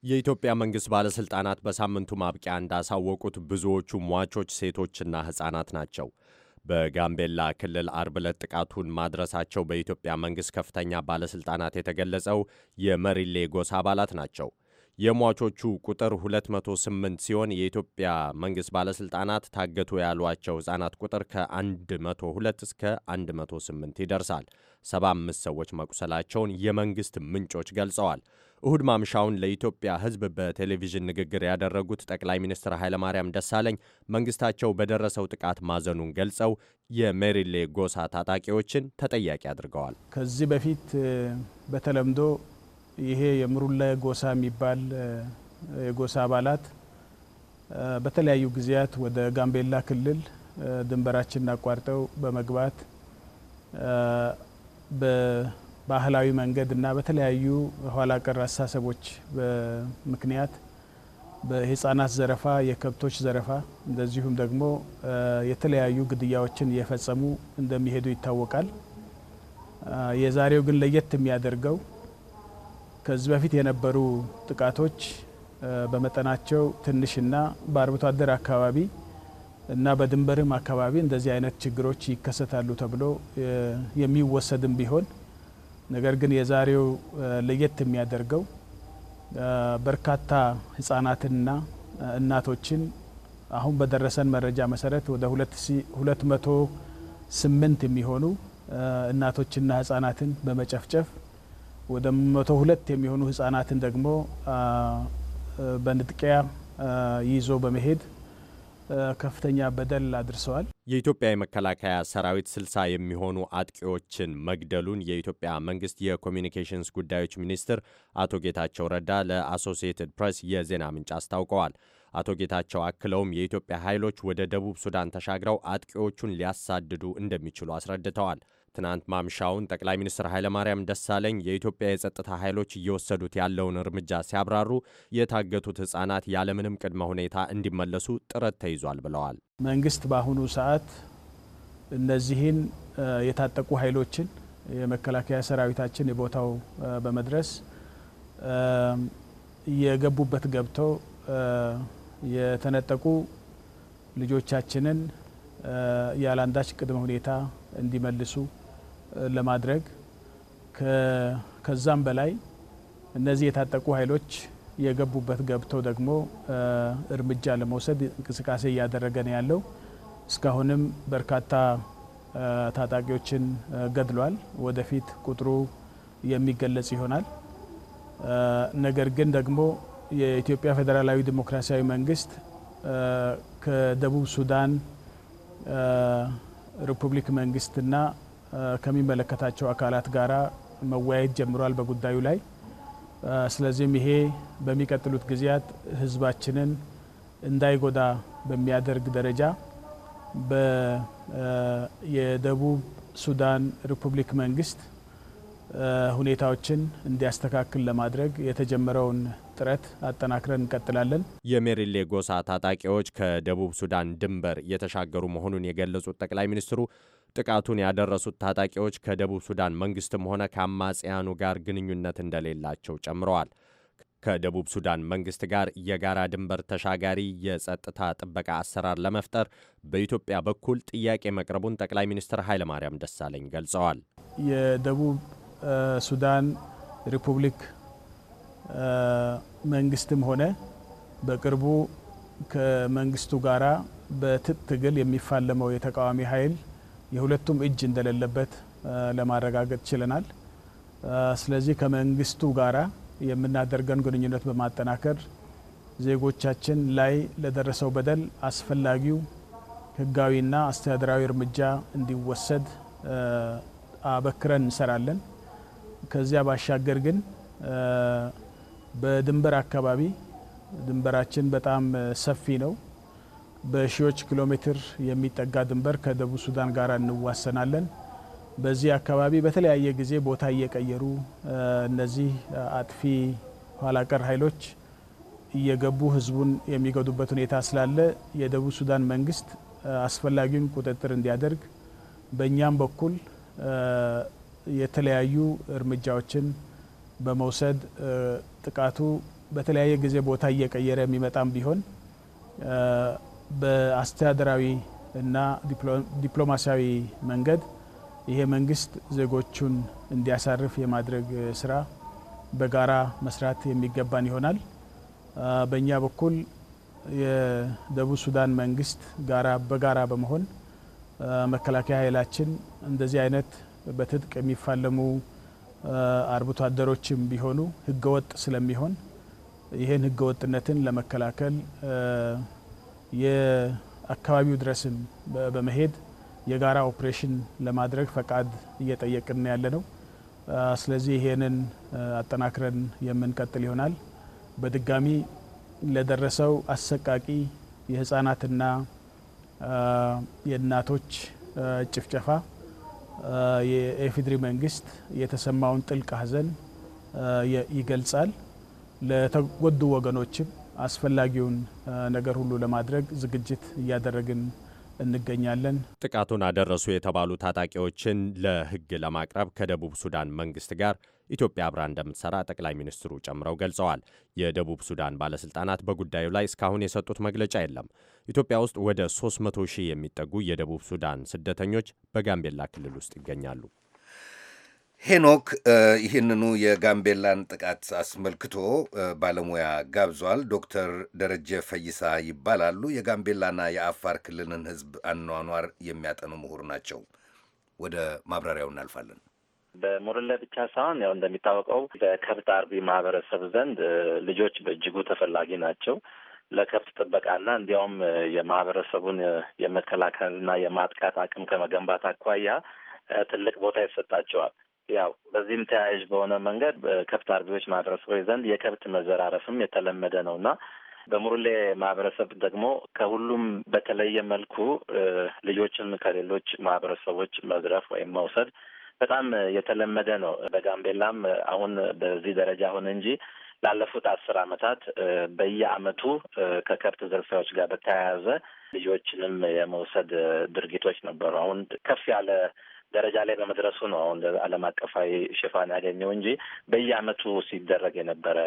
የኢትዮጵያ መንግስት ባለሥልጣናት በሳምንቱ ማብቂያ እንዳሳወቁት ብዙዎቹ ሟቾች ሴቶችና ሕፃናት ናቸው። በጋምቤላ ክልል አርብ ዕለት ጥቃቱን ማድረሳቸው በኢትዮጵያ መንግሥት ከፍተኛ ባለሥልጣናት የተገለጸው የመሪሌ ጎሳ አባላት ናቸው። የሟቾቹ ቁጥር 208 ሲሆን የኢትዮጵያ መንግሥት ባለሥልጣናት ታገቱ ያሏቸው ሕፃናት ቁጥር ከ102 እስከ 108 ይደርሳል። 75 ሰዎች መቁሰላቸውን የመንግሥት ምንጮች ገልጸዋል። እሁድ ማምሻውን ለኢትዮጵያ ሕዝብ በቴሌቪዥን ንግግር ያደረጉት ጠቅላይ ሚኒስትር ኃይለማርያም ደሳለኝ መንግሥታቸው በደረሰው ጥቃት ማዘኑን ገልጸው የሜሪሌ ጎሳ ታጣቂዎችን ተጠያቂ አድርገዋል። ከዚህ በፊት በተለምዶ ይሄ የምሩላ የጎሳ የሚባል የጎሳ አባላት በተለያዩ ጊዜያት ወደ ጋምቤላ ክልል ድንበራችንን አቋርጠው በመግባት በባህላዊ መንገድ እና በተለያዩ ኋላ ቀር አስተሳሰቦች ምክንያት በህፃናት ዘረፋ፣ የከብቶች ዘረፋ እንደዚሁም ደግሞ የተለያዩ ግድያዎችን እየፈጸሙ እንደሚሄዱ ይታወቃል። የዛሬው ግን ለየት የሚያደርገው ከዚህ በፊት የነበሩ ጥቃቶች በመጠናቸው ትንሽና በአርብቶ አደር አካባቢ እና በድንበርም አካባቢ እንደዚህ አይነት ችግሮች ይከሰታሉ ተብሎ የሚወሰድም ቢሆን ነገር ግን የዛሬው ለየት የሚያደርገው በርካታ ህጻናትንና እናቶችን አሁን በደረሰን መረጃ መሰረት ወደ 208 የሚሆኑ እናቶችና ህጻናትን በመጨፍጨፍ ወደ መቶ ሁለት የሚሆኑ ህጻናትን ደግሞ በንጥቂያ ይዞ በመሄድ ከፍተኛ በደል አድርሰዋል። የኢትዮጵያ የመከላከያ ሰራዊት ስልሳ የሚሆኑ አጥቂዎችን መግደሉን የኢትዮጵያ መንግስት የኮሚኒኬሽንስ ጉዳዮች ሚኒስትር አቶ ጌታቸው ረዳ ለአሶሲየትድ ፕሬስ የዜና ምንጭ አስታውቀዋል። አቶ ጌታቸው አክለውም የኢትዮጵያ ኃይሎች ወደ ደቡብ ሱዳን ተሻግረው አጥቂዎቹን ሊያሳድዱ እንደሚችሉ አስረድተዋል። ትናንት ማምሻውን ጠቅላይ ሚኒስትር ኃይለማርያም ደሳለኝ የኢትዮጵያ የጸጥታ ኃይሎች እየወሰዱት ያለውን እርምጃ ሲያብራሩ የታገቱት ህጻናት ያለምንም ቅድመ ሁኔታ እንዲመለሱ ጥረት ተይዟል ብለዋል። መንግስት በአሁኑ ሰዓት እነዚህን የታጠቁ ኃይሎችን የመከላከያ ሰራዊታችን የቦታው በመድረስ የገቡበት ገብተው የተነጠቁ ልጆቻችንን ያለአንዳች ቅድመ ሁኔታ እንዲመልሱ ለማድረግ ከዛም በላይ እነዚህ የታጠቁ ኃይሎች የገቡበት ገብተው ደግሞ እርምጃ ለመውሰድ እንቅስቃሴ እያደረገ ነው ያለው። እስካሁንም በርካታ ታጣቂዎችን ገድሏል። ወደፊት ቁጥሩ የሚገለጽ ይሆናል። ነገር ግን ደግሞ የኢትዮጵያ ፌዴራላዊ ዲሞክራሲያዊ መንግስት ከደቡብ ሱዳን ሪፑብሊክ መንግስትና ከሚመለከታቸው አካላት ጋራ መወያየት ጀምሯል በጉዳዩ ላይ። ስለዚህም ይሄ በሚቀጥሉት ጊዜያት ህዝባችንን እንዳይጎዳ በሚያደርግ ደረጃ የደቡብ ሱዳን ሪፑብሊክ መንግስት ሁኔታዎችን እንዲያስተካክል ለማድረግ የተጀመረውን ጥረት አጠናክረን እንቀጥላለን። የሜሪሌ ጎሳ ታጣቂዎች ከደቡብ ሱዳን ድንበር የተሻገሩ መሆኑን የገለጹት ጠቅላይ ሚኒስትሩ ጥቃቱን ያደረሱት ታጣቂዎች ከደቡብ ሱዳን መንግስትም ሆነ ከአማጽያኑ ጋር ግንኙነት እንደሌላቸው ጨምረዋል። ከደቡብ ሱዳን መንግስት ጋር የጋራ ድንበር ተሻጋሪ የጸጥታ ጥበቃ አሰራር ለመፍጠር በኢትዮጵያ በኩል ጥያቄ መቅረቡን ጠቅላይ ሚኒስትር ኃይለማርያም ደሳለኝ ገልጸዋል። የደቡብ ሱዳን ሪፑብሊክ መንግስትም ሆነ በቅርቡ ከመንግስቱ ጋራ በትጥቅ ትግል የሚፋለመው የተቃዋሚ ኃይል የሁለቱም እጅ እንደሌለበት ለማረጋገጥ ችለናል። ስለዚህ ከመንግስቱ ጋራ የምናደርገን ግንኙነት በማጠናከር ዜጎቻችን ላይ ለደረሰው በደል አስፈላጊው ህጋዊና አስተዳደራዊ እርምጃ እንዲወሰድ አበክረን እንሰራለን። ከዚያ ባሻገር ግን በድንበር አካባቢ ድንበራችን በጣም ሰፊ ነው። በሺዎች ኪሎ ሜትር የሚጠጋ ድንበር ከደቡብ ሱዳን ጋር እንዋሰናለን። በዚህ አካባቢ በተለያየ ጊዜ ቦታ እየቀየሩ እነዚህ አጥፊ ኋላቀር ኃይሎች እየገቡ ህዝቡን የሚገዱበት ሁኔታ ስላለ የደቡብ ሱዳን መንግስት አስፈላጊውን ቁጥጥር እንዲያደርግ በእኛም በኩል የተለያዩ እርምጃዎችን በመውሰድ ጥቃቱ በተለያየ ጊዜ ቦታ እየቀየረ የሚመጣም ቢሆን በአስተዳደራዊ እና ዲፕሎማሲያዊ መንገድ ይሄ መንግስት ዜጎቹን እንዲያሳርፍ የማድረግ ስራ በጋራ መስራት የሚገባን ይሆናል። በእኛ በኩል የደቡብ ሱዳን መንግስት ጋራ በጋራ በመሆን መከላከያ ኃይላችን እንደዚህ አይነት በትጥቅ የሚፋለሙ አርብቶ አደሮችም ቢሆኑ ህገወጥ ስለሚሆን ይህን ህገወጥነትን ለመከላከል የአካባቢው ድረስም በመሄድ የጋራ ኦፕሬሽን ለማድረግ ፈቃድ እየጠየቅን ያለ ነው። ስለዚህ ይሄንን አጠናክረን የምንቀጥል ይሆናል። በድጋሚ ለደረሰው አሰቃቂ የህፃናትና የእናቶች ጭፍጨፋ የኢፌዴሪ መንግስት የተሰማውን ጥልቅ ሐዘን ይገልጻል። ለተጎዱ ወገኖችም አስፈላጊውን ነገር ሁሉ ለማድረግ ዝግጅት እያደረግን እንገኛለን። ጥቃቱን አደረሱ የተባሉ ታጣቂዎችን ለሕግ ለማቅረብ ከደቡብ ሱዳን መንግስት ጋር ኢትዮጵያ አብራ እንደምትሰራ ጠቅላይ ሚኒስትሩ ጨምረው ገልጸዋል። የደቡብ ሱዳን ባለስልጣናት በጉዳዩ ላይ እስካሁን የሰጡት መግለጫ የለም። ኢትዮጵያ ውስጥ ወደ 300 ሺህ የሚጠጉ የደቡብ ሱዳን ስደተኞች በጋምቤላ ክልል ውስጥ ይገኛሉ። ሄኖክ ይህንኑ የጋምቤላን ጥቃት አስመልክቶ ባለሙያ ጋብዟል። ዶክተር ደረጀ ፈይሳ ይባላሉ። የጋምቤላና የአፋር ክልልን ሕዝብ አኗኗር የሚያጠኑ ምሁር ናቸው። ወደ ማብራሪያው እናልፋለን። በሞረለ ብቻ ሳይሆን ያው እንደሚታወቀው በከብት አርቢ ማህበረሰብ ዘንድ ልጆች በእጅጉ ተፈላጊ ናቸው ለከብት ጥበቃና እንዲያውም የማህበረሰቡን የመከላከልና የማጥቃት አቅም ከመገንባት አኳያ ትልቅ ቦታ ይሰጣቸዋል። ያው በዚህም ተያያዥ በሆነ መንገድ ከብት አርቢዎች ማህበረሰቦች ዘንድ የከብት መዘራረፍም የተለመደ ነው እና በሙርሌ ማህበረሰብ ደግሞ ከሁሉም በተለየ መልኩ ልጆችን ከሌሎች ማህበረሰቦች መዝረፍ ወይም መውሰድ በጣም የተለመደ ነው። በጋምቤላም አሁን በዚህ ደረጃ ሆነ እንጂ ላለፉት አስር ዓመታት በየዓመቱ ከከብት ዝርፊያዎች ጋር በተያያዘ ልጆችንም የመውሰድ ድርጊቶች ነበሩ። አሁን ከፍ ያለ ደረጃ ላይ በመድረሱ ነው አሁን ዓለም አቀፋዊ ሽፋን ያገኘው እንጂ በየዓመቱ ሲደረግ የነበረ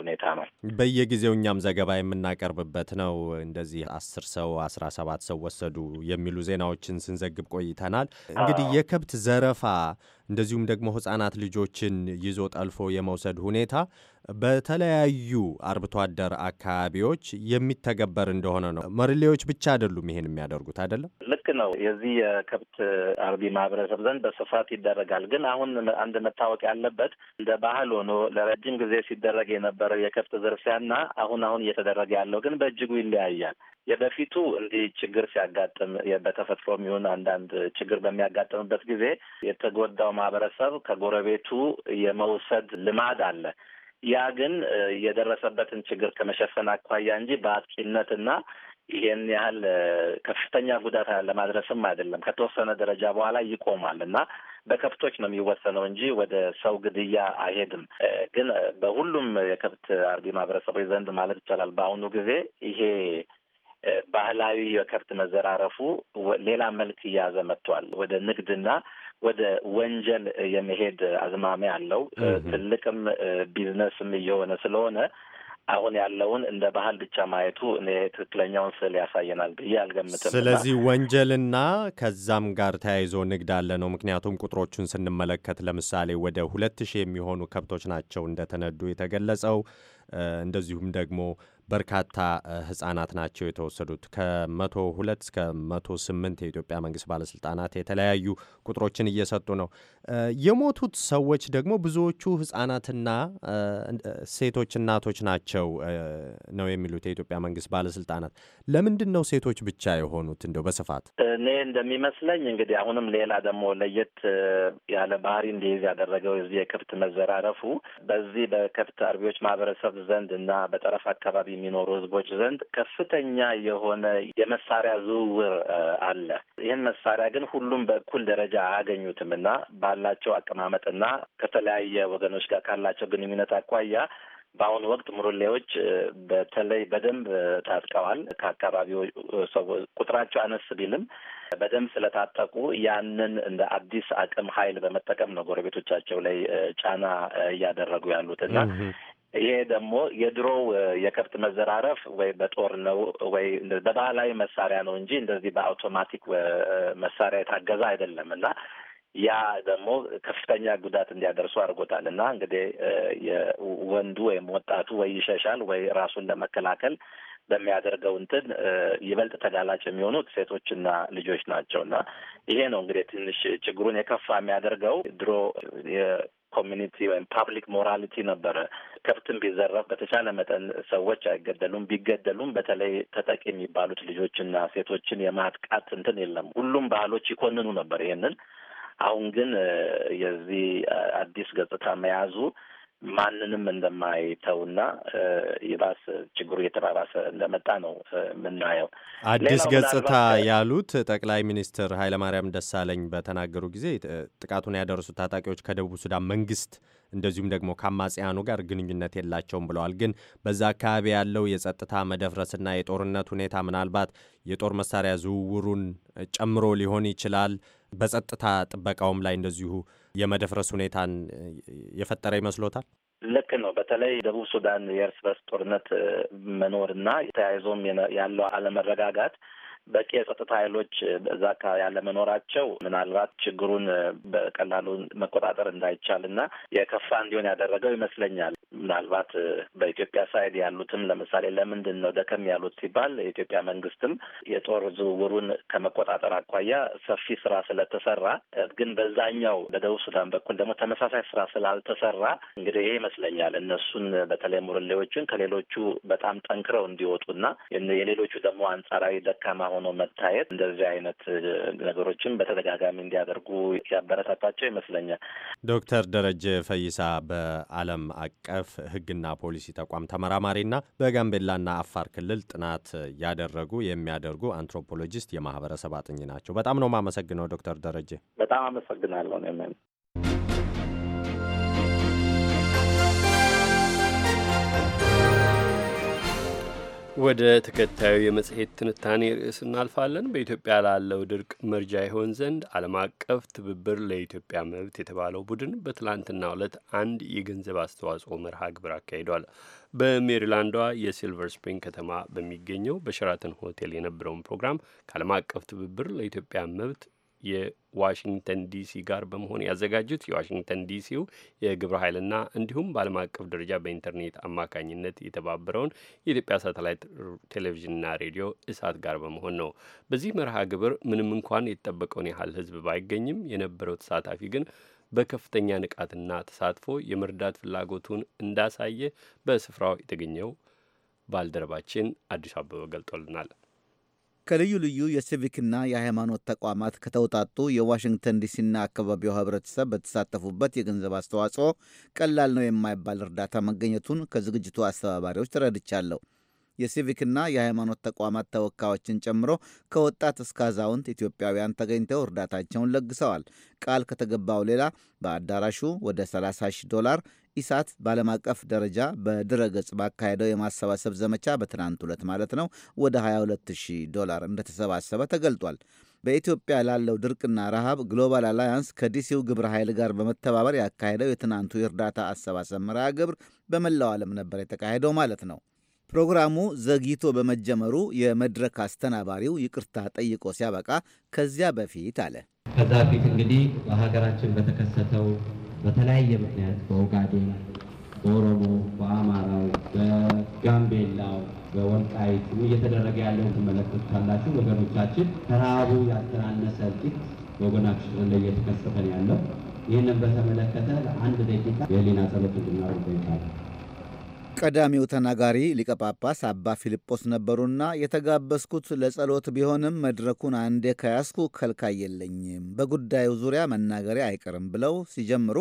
ሁኔታ ነው። በየጊዜው እኛም ዘገባ የምናቀርብበት ነው። እንደዚህ አስር ሰው አስራ ሰባት ሰው ወሰዱ የሚሉ ዜናዎችን ስንዘግብ ቆይተናል። እንግዲህ የከብት ዘረፋ እንደዚሁም ደግሞ ህጻናት ልጆችን ይዞ ጠልፎ የመውሰድ ሁኔታ በተለያዩ አርብቶ አደር አካባቢዎች የሚተገበር እንደሆነ ነው። መሪሌዎች ብቻ አይደሉም ይሄን የሚያደርጉት አይደለም። ልክ ነው። የዚህ የከብት አርቢ ማህበረሰብ ዘንድ በስፋት ይደረጋል። ግን አሁን አንድ መታወቅ ያለበት እንደ ባህል ሆኖ ለረጅም ጊዜ ሲደረግ የነበረው የከብት ዝርፊያና አሁን አሁን እየተደረገ ያለው ግን በእጅጉ ይለያያል። የበፊቱ እንዲህ ችግር ሲያጋጥም በተፈጥሮ የሚሆን አንዳንድ ችግር በሚያጋጥምበት ጊዜ የተጎዳው ማህበረሰብ ከጎረቤቱ የመውሰድ ልማድ አለ። ያ ግን የደረሰበትን ችግር ከመሸፈን አኳያ እንጂ በአጥቂነትና ይሄን ያህል ከፍተኛ ጉዳት ለማድረስም አይደለም። ከተወሰነ ደረጃ በኋላ ይቆማል እና በከብቶች ነው የሚወሰነው እንጂ ወደ ሰው ግድያ አይሄድም። ግን በሁሉም የከብት አርቢ ማህበረሰቦች ዘንድ ማለት ይቻላል በአሁኑ ጊዜ ይሄ ባህላዊ የከብት መዘራረፉ ሌላ መልክ እያያዘ መጥቷል። ወደ ንግድና ወደ ወንጀል የመሄድ አዝማሚያ አለው። ትልቅም ቢዝነስም እየሆነ ስለሆነ አሁን ያለውን እንደ ባህል ብቻ ማየቱ እኔ ትክክለኛውን ስዕል ያሳየናል ብዬ አልገምትም። ስለዚህ ወንጀልና ከዛም ጋር ተያይዞ ንግድ አለ ነው። ምክንያቱም ቁጥሮቹን ስንመለከት ለምሳሌ ወደ ሁለት ሺህ የሚሆኑ ከብቶች ናቸው እንደተነዱ የተገለጸው እንደዚሁም ደግሞ በርካታ ህጻናት ናቸው የተወሰዱት። ከመቶ ሁለት እስከ መቶ ስምንት የኢትዮጵያ መንግስት ባለስልጣናት የተለያዩ ቁጥሮችን እየሰጡ ነው። የሞቱት ሰዎች ደግሞ ብዙዎቹ ህጻናትና ሴቶች እናቶች ናቸው ነው የሚሉት የኢትዮጵያ መንግስት ባለስልጣናት። ለምንድን ነው ሴቶች ብቻ የሆኑት? እንደው በስፋት እኔ እንደሚመስለኝ እንግዲህ አሁንም ሌላ ደግሞ ለየት ያለ ባህሪ እንዲይዝ ያደረገው የዚህ የከብት መዘራረፉ በዚህ በከብት አርቢዎች ማህበረሰብ ዘንድ እና በጠረፍ አካባቢ የሚኖሩ ህዝቦች ዘንድ ከፍተኛ የሆነ የመሳሪያ ዝውውር አለ። ይህን መሳሪያ ግን ሁሉም በእኩል ደረጃ አያገኙትም እና ባላቸው አቀማመጥና ከተለያየ ወገኖች ጋር ካላቸው ግንኙነት አኳያ በአሁኑ ወቅት ሙርሌዎች በተለይ በደንብ ታጥቀዋል። ከአካባቢው ሰው ቁጥራቸው አነስ ቢልም በደንብ ስለታጠቁ ያንን እንደ አዲስ አቅም ኃይል በመጠቀም ነው ጎረቤቶቻቸው ላይ ጫና እያደረጉ ያሉት እና ይሄ ደግሞ የድሮው የከብት መዘራረፍ ወይ በጦር ነው ወይ በባህላዊ መሳሪያ ነው እንጂ እንደዚህ በአውቶማቲክ መሳሪያ የታገዘ አይደለም እና ያ ደግሞ ከፍተኛ ጉዳት እንዲያደርሱ አድርጎታል። እና እንግዲህ ወንዱ ወይም ወጣቱ ወይ ይሸሻል ወይ ራሱን ለመከላከል በሚያደርገው እንትን ይበልጥ ተጋላጭ የሚሆኑት ሴቶችና ልጆች ናቸው። እና ይሄ ነው እንግዲህ ትንሽ ችግሩን የከፋ የሚያደርገው ድሮ ኮሚኒቲ ወይም ፓብሊክ ሞራሊቲ ነበረ። ከብትም ቢዘረፍ በተቻለ መጠን ሰዎች አይገደሉም። ቢገደሉም በተለይ ተጠቂ የሚባሉት ልጆችና ሴቶችን የማጥቃት እንትን የለም። ሁሉም ባህሎች ይኮንኑ ነበር ይሄንን። አሁን ግን የዚህ አዲስ ገጽታ መያዙ ማንንም እንደማይተውና የባስ ችግሩ እየተባባሰ እንደመጣ ነው የምናየው። አዲስ ገጽታ ያሉት ጠቅላይ ሚኒስትር ኃይለማርያም ደሳለኝ በተናገሩ ጊዜ ጥቃቱን ያደረሱት ታጣቂዎች ከደቡብ ሱዳን መንግስት እንደዚሁም ደግሞ ከአማጽያኑ ጋር ግንኙነት የላቸውም ብለዋል። ግን በዛ አካባቢ ያለው የጸጥታ መደፍረስና የጦርነት ሁኔታ ምናልባት የጦር መሳሪያ ዝውውሩን ጨምሮ ሊሆን ይችላል። በጸጥታ ጥበቃውም ላይ እንደዚሁ የመደፍረስ ሁኔታን የፈጠረ ይመስሎታል? ልክ ነው። በተለይ ደቡብ ሱዳን የእርስ በርስ ጦርነት መኖርና ተያይዞም ያለው አለመረጋጋት በቂ የጸጥታ ኃይሎች በዛ አካባቢ ያለመኖራቸው ምናልባት ችግሩን በቀላሉ መቆጣጠር እንዳይቻል እና የከፋ እንዲሆን ያደረገው ይመስለኛል። ምናልባት በኢትዮጵያ ሳይድ ያሉትም ለምሳሌ ለምንድን ነው ደከም ያሉት ሲባል የኢትዮጵያ መንግስትም የጦር ዝውውሩን ከመቆጣጠር አኳያ ሰፊ ስራ ስለተሰራ፣ ግን በዛኛው በደቡብ ሱዳን በኩል ደግሞ ተመሳሳይ ስራ ስላልተሰራ እንግዲህ ይሄ ይመስለኛል እነሱን በተለይ ሙርሌዎችን ከሌሎቹ በጣም ጠንክረው እንዲወጡና የሌሎቹ ደግሞ አንጻራዊ ደካማ ሆኖ መታየት እንደዚህ አይነት ነገሮችን በተደጋጋሚ እንዲያደርጉ ያበረታታቸው ይመስለኛል። ዶክተር ደረጀ ፈይሳ በዓለም አቀፍ አቀፍ ህግና ፖሊሲ ተቋም ተመራማሪና በጋምቤላና አፋር ክልል ጥናት ያደረጉ የሚያደርጉ አንትሮፖሎጂስት የማህበረሰብ አጥኚ ናቸው። በጣም ነው የማመሰግነው ዶክተር ደረጀ። በጣም አመሰግናለሁ። ወደ ተከታዩ የመጽሔት ትንታኔ ርዕስ እናልፋለን። በኢትዮጵያ ላለው ድርቅ መርጃ ይሆን ዘንድ ዓለም አቀፍ ትብብር ለኢትዮጵያ መብት የተባለው ቡድን በትላንትናው ዕለት አንድ የገንዘብ አስተዋጽኦ መርሃ ግብር አካሂዷል። በሜሪላንዷ የሲልቨር ስፕሪንግ ከተማ በሚገኘው በሸራተን ሆቴል የነበረውን ፕሮግራም ከዓለም አቀፍ ትብብር ለኢትዮጵያ መብት የዋሽንግተን ዲሲ ጋር በመሆን ያዘጋጁት የዋሽንግተን ዲሲው የግብረ ኃይልና እንዲሁም በዓለም አቀፍ ደረጃ በኢንተርኔት አማካኝነት የተባበረውን የኢትዮጵያ ሳተላይት ቴሌቪዥንና ሬዲዮ እሳት ጋር በመሆን ነው። በዚህ መርሃ ግብር ምንም እንኳን የተጠበቀውን ያህል ሕዝብ ባይገኝም የነበረው ተሳታፊ ግን በከፍተኛ ንቃትና ተሳትፎ የመርዳት ፍላጎቱን እንዳሳየ በስፍራው የተገኘው ባልደረባችን አዲሱ አበበ ገልጦልናል። ከልዩ ልዩ የሲቪክና የሃይማኖት ተቋማት ከተውጣጡ የዋሽንግተን ዲሲና አካባቢው ህብረተሰብ በተሳተፉበት የገንዘብ አስተዋጽኦ ቀላል ነው የማይባል እርዳታ መገኘቱን ከዝግጅቱ አስተባባሪዎች ተረድቻለሁ። የሲቪክና የሃይማኖት ተቋማት ተወካዮችን ጨምሮ ከወጣት እስከ አዛውንት ኢትዮጵያውያን ተገኝተው እርዳታቸውን ለግሰዋል። ቃል ከተገባው ሌላ በአዳራሹ ወደ 30 ሺህ ዶላር ኢሳት በዓለም አቀፍ ደረጃ በድረ ገጽ ባካሄደው የማሰባሰብ ዘመቻ በትናንት ሁለት ማለት ነው ወደ 220 ዶላር እንደተሰባሰበ ተገልጧል። በኢትዮጵያ ላለው ድርቅና ረሃብ ግሎባል አላያንስ ከዲሲው ግብረ ኃይል ጋር በመተባበር ያካሄደው የትናንቱ የእርዳታ አሰባሰብ መርሃ ግብር በመላው ዓለም ነበር የተካሄደው ማለት ነው። ፕሮግራሙ ዘግይቶ በመጀመሩ የመድረክ አስተናባሪው ይቅርታ ጠይቆ ሲያበቃ ከዚያ በፊት አለ ከዛ ፊት እንግዲህ በሀገራችን በተከሰተው በተለያየ ምክንያት በኦጋዴን፣ በኦሮሞ፣ በአማራው፣ በጋምቤላው፣ በወልቃይት እየተደረገ ያለውን ትመለከቱታላችሁ። ወገኖቻችን ተራቡ ያተናነሰ እልቂት በወገናችን ላይ እየተከሰተ ነው ያለው። ይህንን በተመለከተ ለአንድ ደቂቃ የህሊና ጸሎት እንድናደርግ ይታለ ቀዳሚው ተናጋሪ ሊቀ ጳጳስ አባ ፊልጶስ ነበሩና የተጋበዝኩት ለጸሎት ቢሆንም መድረኩን አንዴ ከያዝኩ ከልካይ የለኝም፣ በጉዳዩ ዙሪያ መናገሪያ አይቀርም ብለው ሲጀምሩ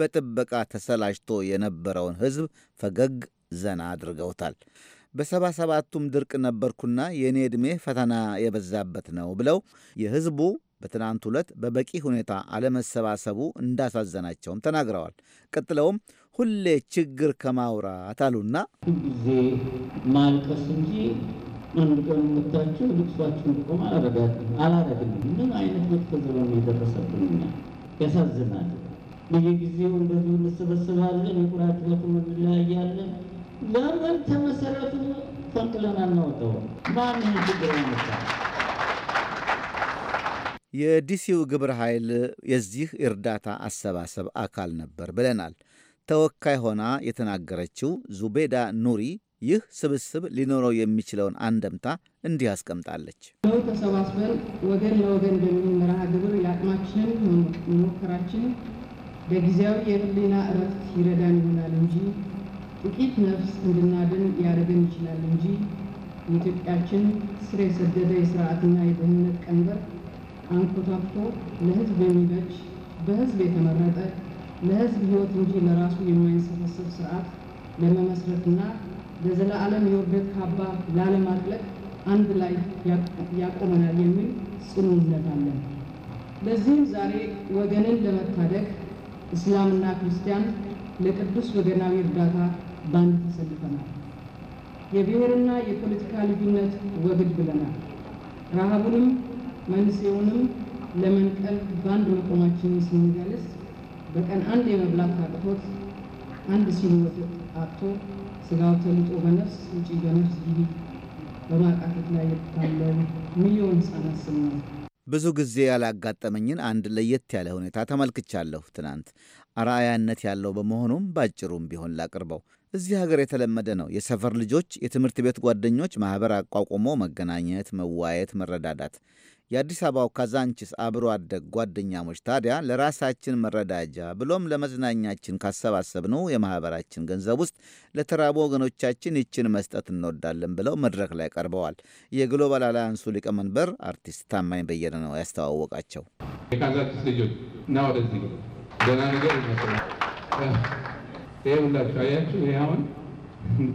በጥበቃ ተሰላጅቶ የነበረውን ሕዝብ ፈገግ ዘና አድርገውታል። በሰባ ሰባቱም ድርቅ ነበርኩና የእኔ ዕድሜ ፈተና የበዛበት ነው ብለው የሕዝቡ በትናንት ዕለት በበቂ ሁኔታ አለመሰባሰቡ እንዳሳዘናቸውም ተናግረዋል። ቀጥለውም ሁሌ ችግር ከማውራት አሉና ጊዜ ማልቀስ እንጂ አንድ ቀን የምታቸው ልብሷችሁን ቆም አላረጋግም አላረግም። ምን አይነት መጥፎ ዘመን የደረሰብንኛ ያሳዝናል። በየጊዜው እንደዚሁ እንሰበስባለን፣ የቁራት በኩል እንለያያለን። ለምን ተመሰረቱ ፈንቅለን አናወጣው? ማንን ችግር ያመጣ? የዲሲው ግብረ ኃይል የዚህ እርዳታ አሰባሰብ አካል ነበር ብለናል። ተወካይ ሆና የተናገረችው ዙቤዳ ኑሪ ይህ ስብስብ ሊኖረው የሚችለውን አንደምታ እንዲህ አስቀምጣለች። ለው ተሰባስበን ወገን ለወገን በሚል መርሃ ግብር የአቅማችንን መሞከራችን በጊዜያዊ የህሊና እረፍት ይረዳን ይሆናል እንጂ ጥቂት ነፍስ እንድናድን ያደረገን ይችላል እንጂ የኢትዮጵያችን ስር የሰደደ የስርዓትና የደህንነት ቀንበር አንኮታፍቶ ለህዝብ የሚበጅ በህዝብ የተመረጠ ለህዝብ ህይወት እንጂ ለራሱ የማይንሰበሰብ ስርዓት ለመመስረትና ለዘላለም የውርደት ካባ ላለማጥለቅ አንድ ላይ ያቆመናል የሚል ጽኑ እምነት አለን። ለዚህም ዛሬ ወገንን ለመታደግ እስላምና ክርስቲያን ለቅዱስ ወገናዊ እርዳታ ባንድ ተሰልፈናል። የብሔርና የፖለቲካ ልዩነት ወግድ ብለናል። ረሃቡንም መንስኤውንም ለመንቀል ባንድ መቆማችንን ስንገልጽ በቀን አንድ የመብላት አቅቶት አንድ ሲኖ ወተት አጥቶ ስጋው ተልጦ በነፍስ ውጪ በነፍስ ግቢ በማቃተት ላይ የተታለው ሚሊዮን ህጻናት ስም ነው። ብዙ ጊዜ ያላጋጠመኝን አንድ ለየት ያለ ሁኔታ ተመልክቻለሁ ትናንት። አርአያነት ያለው በመሆኑም ባጭሩም ቢሆን ላቅርበው። እዚህ ሀገር የተለመደ ነው። የሰፈር ልጆች የትምህርት ቤት ጓደኞች ማኅበር አቋቁሞ መገናኘት፣ መዋየት፣ መረዳዳት የአዲስ አበባው ካዛንችስ አብሮ አደግ ጓደኛሞች ታዲያ ለራሳችን መረዳጃ ብሎም ለመዝናኛችን ካሰባሰብነው የማኅበራችን ገንዘብ ውስጥ ለተራቡ ወገኖቻችን ይችን መስጠት እንወዳለን ብለው መድረክ ላይ ቀርበዋል። የግሎባል አላያንሱ ሊቀመንበር አርቲስት ታማኝ በየነ ነው ያስተዋወቃቸው። የካዛንችስ ልጆች እና ወደዚህ ደህና ነገር ይመስላል። ይህ ሁላችሁ አያችሁ፣ ይህ አሁን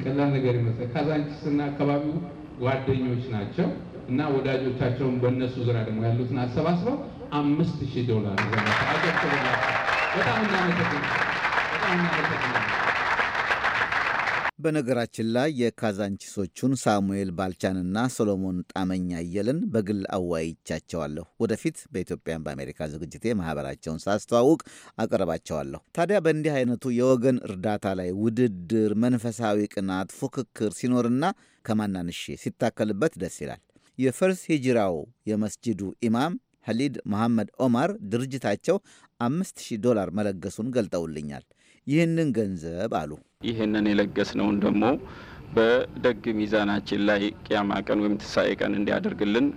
ቀላል ነገር ይመስላል። ካዛንችስ እና አካባቢው ጓደኞች ናቸው። እና ወዳጆቻቸውን በእነሱ ዙሪያ ደግሞ ያሉትን አሰባስበው አምስት ሺህ ዶላር በጣም በነገራችን ላይ የካዛንቺሶቹን ሳሙኤል ባልቻንና ሶሎሞን ጣመኛ አየልን በግል አዋይቻቸዋለሁ። ወደፊት በኢትዮጵያን በአሜሪካ ዝግጅቴ ማህበራቸውን ሳስተዋውቅ አቀርባቸዋለሁ። ታዲያ በእንዲህ አይነቱ የወገን እርዳታ ላይ ውድድር፣ መንፈሳዊ ቅናት፣ ፉክክር ሲኖርና ከማናንሼ ሲታከልበት ደስ ይላል። የፈርስ ሂጅራው የመስጅዱ ኢማም ሐሊድ መሐመድ ኦማር ድርጅታቸው 5000 ዶላር መለገሱን ገልጠውልኛል። ይህንን ገንዘብ አሉ ይህንን የለገስነውን ደግሞ በደግ ሚዛናችን ላይ ቅያማ ቀን ወይም ትሳኤ ቀን እንዲያደርግልን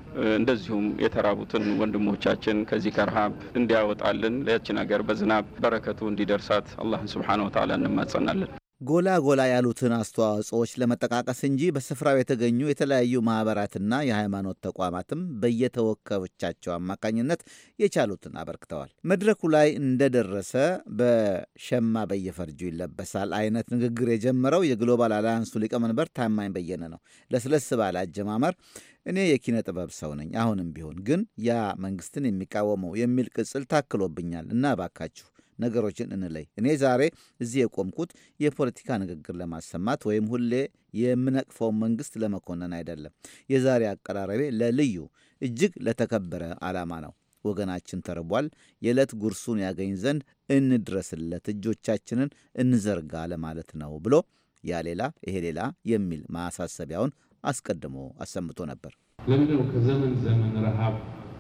እንደዚሁም የተራቡትን ወንድሞቻችን ከዚህ ከረሃብ እንዲያወጣልን ለያችን ሀገር በዝናብ በረከቱ እንዲደርሳት አላህን ስብሓን ወተዓላ እንማጸናለን። ጎላ ጎላ ያሉትን አስተዋጽኦዎች ለመጠቃቀስ እንጂ በስፍራው የተገኙ የተለያዩ ማኅበራትና የሃይማኖት ተቋማትም በየተወካዮቻቸው አማካኝነት የቻሉትን አበርክተዋል። መድረኩ ላይ እንደደረሰ በሸማ በየፈርጁ ይለበሳል አይነት ንግግር የጀመረው የግሎባል አላያንሱ ሊቀመንበር ታማኝ በየነ ነው። ለስለስ ባለ አጀማመር እኔ የኪነ ጥበብ ሰው ነኝ፣ አሁንም ቢሆን ግን ያ መንግስትን የሚቃወመው የሚል ቅጽል ታክሎብኛል እና ባካችሁ ነገሮችን እንለይ። እኔ ዛሬ እዚህ የቆምኩት የፖለቲካ ንግግር ለማሰማት ወይም ሁሌ የምነቅፈው መንግስት ለመኮነን አይደለም። የዛሬ አቀራረቤ ለልዩ እጅግ ለተከበረ ዓላማ ነው። ወገናችን ተርቧል። የዕለት ጉርሱን ያገኝ ዘንድ እንድረስለት፣ እጆቻችንን እንዘርጋ ለማለት ነው ብሎ ያ ሌላ ይሄ ሌላ የሚል ማሳሰቢያውን አስቀድሞ አሰምቶ ነበር። ለምንድን ነው ከዘመን ዘመን ረሃብ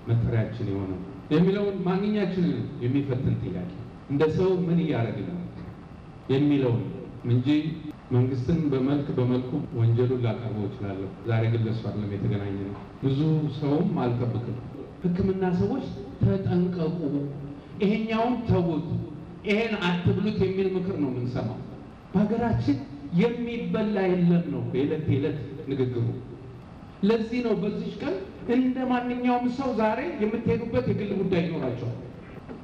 መጠሪያችን የሆነው የሚለውን ማንኛችንን የሚፈትን ጥያቄ እንደ ሰው ምን እያደረግን ነው የሚለውን እንጂ መንግስትን በመልክ በመልኩ ወንጀሉን ላቀርበው እችላለሁ። ዛሬ ግን ለሱ አይደለም የተገናኘ ነው። ብዙ ሰውም አልጠብቅም። ሕክምና ሰዎች ተጠንቀቁ፣ ይሄኛውም ተውት፣ ይሄን አትብሉት የሚል ምክር ነው የምንሰማው። በሀገራችን የሚበላ የለም ነው የዕለት የዕለት ንግግሩ። ለዚህ ነው በዚች ቀን እንደ ማንኛውም ሰው ዛሬ የምትሄዱበት የግል ጉዳይ ይኖራቸዋል።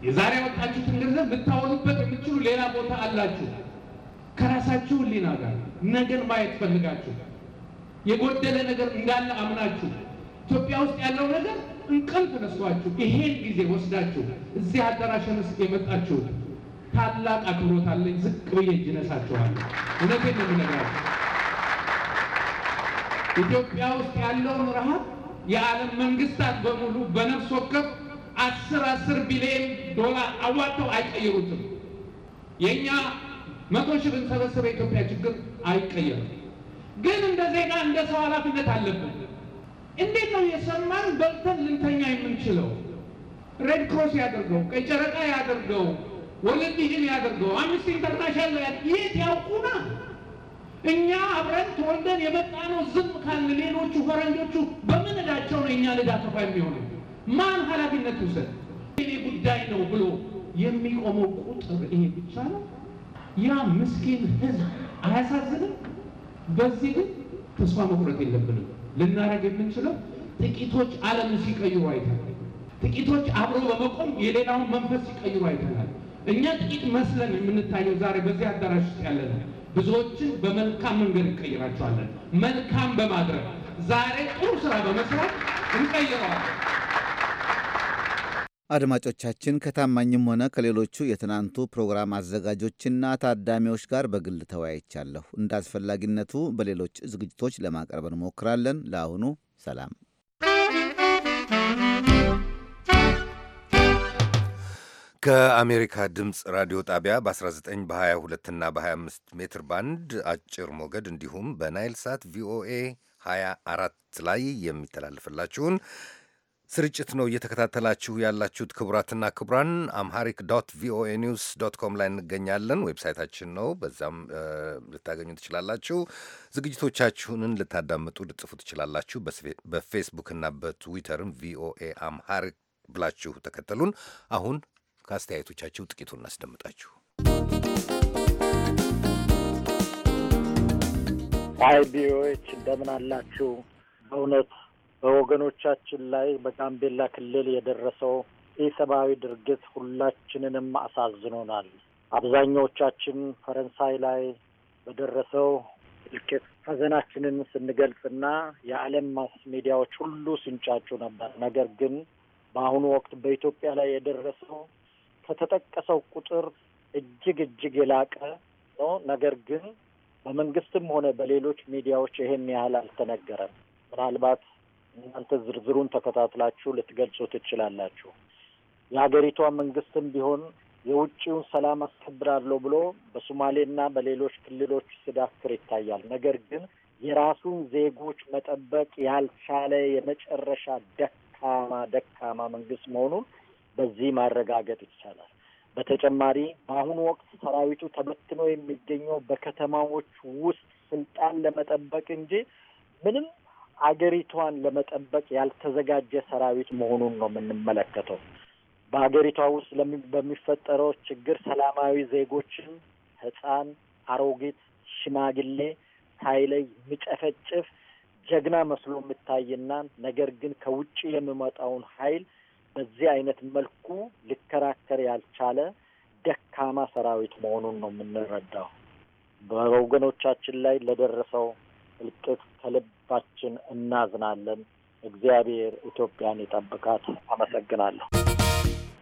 የዛሬ ያወጣችሁትን ገንዘብ ልታወሉበት የምትችሉ ሌላ ቦታ አላችሁ። ከራሳችሁ ሕሊና ጋር ነገር ማየት ፈልጋችሁ የጎደለ ነገር እንዳለ አምናችሁ ኢትዮጵያ ውስጥ ያለው ነገር እንቅልፍ ነስቷችሁ ይሄን ጊዜ ወስዳችሁ እዚህ አዳራሽ ውስጥ የመጣችሁ ታላቅ አክብሮት አለኝ። ዝቅ ብዬ እጅ ነሳችኋለሁ። እውነቴን ነው የምነግራችሁ። ኢትዮጵያ ውስጥ ያለውን ረሃብ የዓለም መንግስታት በሙሉ በነፍስ ወከፍ አስር አስር ቢሊዮን ዶላር አዋጥተው አይቀይሩትም። የእኛ መቶ ሺህ ብንሰበስብ የኢትዮጵያ ችግር አይቀየርም። ግን እንደ ዜጋ እንደ ሰው ኃላፊነት አለብን። እንዴት ነው የሰማን በልተን ልንተኛ የምንችለው? ሬድ ክሮስ ያደርገው፣ ቀይ ጨረቃ ያደርገው፣ ወርልድ ቪዥን ያደርገው፣ አምነስቲ ኢንተርናሽናል የት ያውቁና እኛ አብረን ተወልደን የመጣ ነው። ዝም ካልን ሌሎቹ ፈረንጆቹ በምን እዳቸው ነው የእኛን እዳ ተፋ የሚሆነው? ማን ኃላፊነት ይውሰድ? እኔ ጉዳይ ነው ብሎ የሚቆመው ቁጥር ይሄ ብቻ ነው። ያ ምስኪን ህዝብ አያሳዝንም? በዚህ ግን ተስፋ መቁረጥ የለብንም። ልናደርግ የምንችለው ጥቂቶች ዓለም ሲቀይሩ አይተናል። ጥቂቶች አብሮ በመቆም የሌላውን መንፈስ ሲቀይሩ አይተናል። እኛ ጥቂት መስለን የምንታየው ዛሬ በዚህ አዳራሽ ውስጥ ያለን ብዙዎችን በመልካም መንገድ እንቀይራቸዋለን። መልካም በማድረግ ዛሬ ጥሩ ስራ በመስራት እንቀይረዋለን። አድማጮቻችን ከታማኝም ሆነ ከሌሎቹ የትናንቱ ፕሮግራም አዘጋጆችና ታዳሚዎች ጋር በግል ተወያይቻለሁ። እንደ አስፈላጊነቱ በሌሎች ዝግጅቶች ለማቅረብ እንሞክራለን። ለአሁኑ ሰላም። ከአሜሪካ ድምፅ ራዲዮ ጣቢያ በ19 በ22ና በ25 ሜትር ባንድ አጭር ሞገድ እንዲሁም በናይል ሳት ቪኦኤ 24 ላይ የሚተላልፍላችሁን ስርጭት ነው እየተከታተላችሁ ያላችሁት። ክቡራትና ክቡራን አምሃሪክ ዶት ቪኦኤ ኒውስ ዶት ኮም ላይ እንገኛለን። ዌብሳይታችን ነው፣ በዛም ልታገኙ ትችላላችሁ። ዝግጅቶቻችሁንን ልታዳምጡ ልጽፉ ትችላላችሁ። በፌስቡክና በትዊተርም ቪኦኤ አምሃሪክ ብላችሁ ተከተሉን። አሁን ከአስተያየቶቻችሁ ጥቂቱን እናስደምጣችሁ። አይ ቪኦኤዎች እንደምን አላችሁ? በእውነት በወገኖቻችን ላይ በጋምቤላ ክልል የደረሰው ኢሰብአዊ ድርጊት ሁላችንንም አሳዝኖናል። አብዛኛዎቻችን ፈረንሳይ ላይ በደረሰው እልቂት ስንገልጽ ስንገልጽና የዓለም ማስ ሚዲያዎች ሁሉ ሲንጫጩ ነበር። ነገር ግን በአሁኑ ወቅት በኢትዮጵያ ላይ የደረሰው ከተጠቀሰው ቁጥር እጅግ እጅግ የላቀ ነው። ነገር ግን በመንግስትም ሆነ በሌሎች ሚዲያዎች ይሄን ያህል አልተነገረም። ምናልባት እናንተ ዝርዝሩን ተከታትላችሁ ልትገልጹ ትችላላችሁ። የሀገሪቷ መንግስትም ቢሆን የውጭውን ሰላም አስከብራለሁ ብሎ በሶማሌና በሌሎች ክልሎች ሲዳክር ይታያል። ነገር ግን የራሱን ዜጎች መጠበቅ ያልቻለ የመጨረሻ ደካማ ደካማ መንግስት መሆኑን በዚህ ማረጋገጥ ይቻላል። በተጨማሪ በአሁኑ ወቅት ሰራዊቱ ተበትኖ የሚገኘው በከተማዎች ውስጥ ስልጣን ለመጠበቅ እንጂ ምንም አገሪቷን ለመጠበቅ ያልተዘጋጀ ሰራዊት መሆኑን ነው የምንመለከተው። በሀገሪቷ ውስጥ በሚፈጠረው ችግር ሰላማዊ ዜጎችን ሕፃን፣ አሮጊት፣ ሽማግሌ ሳይለይ የሚጨፈጭፍ ጀግና መስሎ የምታይና ነገር ግን ከውጭ የሚመጣውን ኃይል በዚህ አይነት መልኩ ሊከራከር ያልቻለ ደካማ ሰራዊት መሆኑን ነው የምንረዳው። በወገኖቻችን ላይ ለደረሰው እልቅት ከልብ በመጥፋታችን እናዝናለን። እግዚአብሔር ኢትዮጵያን ይጠብቃት። አመሰግናለሁ።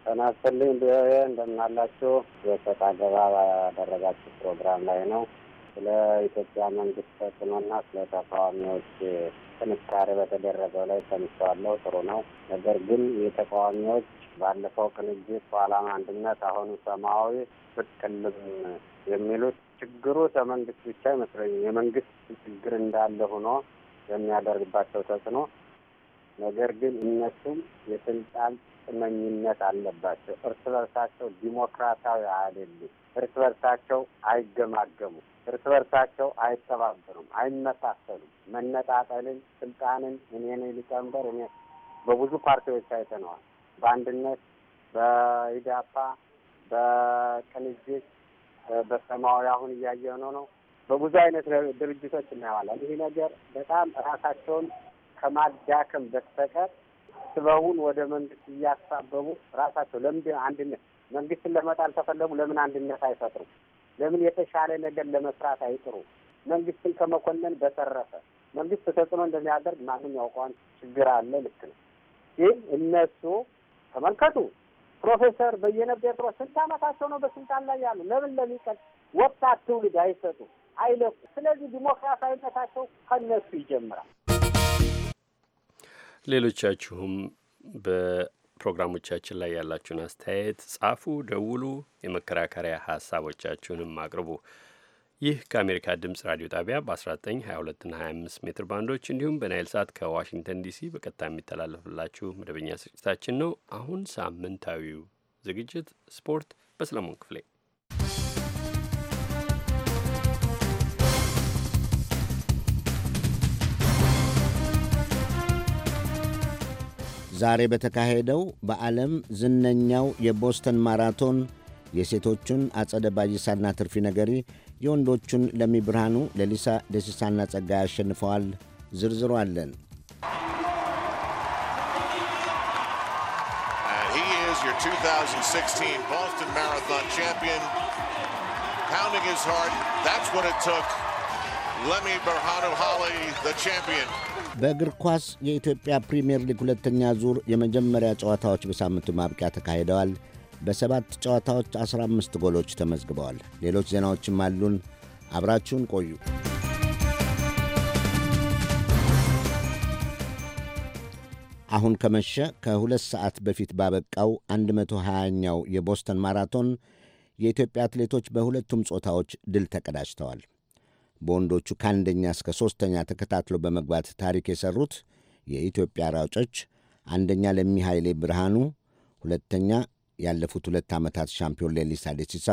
ተናስልኝ ብዬ እንደምናላችሁ የሰጥ አገባ ባደረጋችሁ ፕሮግራም ላይ ነው ስለ ኢትዮጵያ መንግስት ተጽዕኖና ስለ ተቃዋሚዎች ጥንካሬ በተደረገው ላይ ሰምቼዋለሁ። ጥሩ ነው። ነገር ግን የተቃዋሚዎች ባለፈው ቅንጅት፣ በኋላም አንድነት፣ አሁኑ ሰማያዊ ፍትክልም የሚሉት ችግሩ ተመንግስት ብቻ አይመስለኝም። የመንግስት ችግር እንዳለ ሆኖ የሚያደርግባቸው ተጽዕኖ ነገር ግን እነሱም የስልጣን ጥመኝነት አለባቸው። እርስ በርሳቸው ዲሞክራሲያዊ አይደሉም። እርስ በርሳቸው አይገማገሙም። እርስ በርሳቸው አይተባበሩም፣ አይመሳሰሉም። መነጣጠልን፣ ስልጣንን እኔ ነኝ ሊቀመንበር እኔ በብዙ ፓርቲዎች አይተነዋል። በአንድነት፣ በኢዳፓ፣ በቅንጅት፣ በሰማያዊ አሁን እያየነው ነው። በብዙ አይነት ድርጅቶች እናየዋለን። ይሄ ነገር በጣም ራሳቸውን ከማዳከም በስተቀር ስበቡን ወደ መንግስት እያሳበቡ ራሳቸው ለምን አንድነት መንግስትን ለመጣል ተፈለጉ? ለምን አንድነት አይፈጥሩም? ለምን የተሻለ ነገር ለመስራት አይጥሩ? መንግስትን ከመኮነን በተረፈ መንግስት ተጽዕኖ እንደሚያደርግ ማንም ያውቀዋል። ችግር አለ። ልክ ነው። ግን እነሱ ተመልከቱ፣ ፕሮፌሰር በየነ ጴጥሮስ ስንት አመታቸው ነው በስልጣን ላይ ያሉ? ለምን ለሚቀጥ ወጣት ትውልድ አይሰጡ? አይለቁ። ስለዚህ ዲሞክራሲያዊነታቸው ከነሱ ይጀምራል። ሌሎቻችሁም በፕሮግራሞቻችን ላይ ያላችሁን አስተያየት ጻፉ፣ ደውሉ፣ የመከራከሪያ ሀሳቦቻችሁንም አቅርቡ። ይህ ከአሜሪካ ድምጽ ራዲዮ ጣቢያ በ19፣ 25 ሜትር ባንዶች እንዲሁም በናይል ሳት ከዋሽንግተን ዲሲ በቀጥታ የሚተላለፍላችሁ መደበኛ ስርጭታችን ነው። አሁን ሳምንታዊው ዝግጅት ስፖርት በሰለሞን ክፍሌ ዛሬ በተካሄደው በዓለም ዝነኛው የቦስተን ማራቶን የሴቶቹን አጸደ ባይሳና ትርፊ ነገሪ፣ የወንዶቹን ለሚ ብርሃኑ፣ ለሊሳ ደሲሳና ጸጋ ያሸንፈዋል። ዝርዝሩ አለን። የ2016 ቦስተን ማራቶን ቻምፒየን ለሚ ብርሃኑ ሃሊ ቻምፒየን። በእግር ኳስ የኢትዮጵያ ፕሪምየር ሊግ ሁለተኛ ዙር የመጀመሪያ ጨዋታዎች በሳምንቱ ማብቂያ ተካሂደዋል። በሰባት ጨዋታዎች 15 ጎሎች ተመዝግበዋል። ሌሎች ዜናዎችም አሉን። አብራችሁን ቆዩ። አሁን ከመሸ ከሁለት ሰዓት በፊት ባበቃው 120ኛው የቦስተን ማራቶን የኢትዮጵያ አትሌቶች በሁለቱም ጾታዎች ድል ተቀዳጅተዋል። በወንዶቹ ከአንደኛ እስከ ሦስተኛ ተከታትሎ በመግባት ታሪክ የሠሩት የኢትዮጵያ ራውጮች አንደኛ ለሚ ኃይሌ ብርሃኑ፣ ሁለተኛ ያለፉት ሁለት ዓመታት ሻምፒዮን ሌሊሳ ዴሲሳ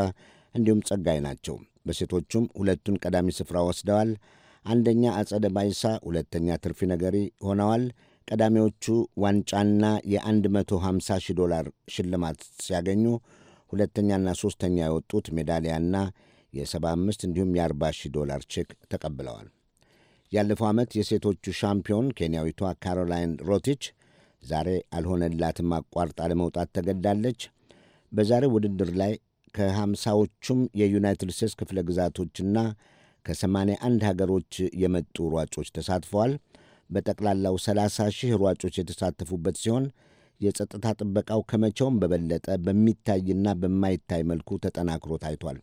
እንዲሁም ጸጋይ ናቸው። በሴቶቹም ሁለቱን ቀዳሚ ስፍራ ወስደዋል። አንደኛ አጸደ ባይሳ፣ ሁለተኛ ትርፊ ነገሪ ሆነዋል። ቀዳሚዎቹ ዋንጫና የ150 ሺህ ዶላር ሽልማት ሲያገኙ ሁለተኛና ሦስተኛ የወጡት ሜዳሊያና የ75 እንዲሁም የ40 ሺህ ዶላር ቼክ ተቀብለዋል። ያለፈው ዓመት የሴቶቹ ሻምፒዮን ኬንያዊቷ ካሮላይን ሮቲች ዛሬ አልሆነላትም፣ አቋርጣ ለመውጣት ተገድዳለች። በዛሬ ውድድር ላይ ከሀምሳዎቹም የዩናይትድ ስቴትስ ክፍለ ግዛቶችና ከሰማንያ አንድ ሀገሮች የመጡ ሯጮች ተሳትፈዋል። በጠቅላላው 30 ሺህ ሯጮች የተሳተፉበት ሲሆን የጸጥታ ጥበቃው ከመቼውም በበለጠ በሚታይና በማይታይ መልኩ ተጠናክሮ ታይቷል።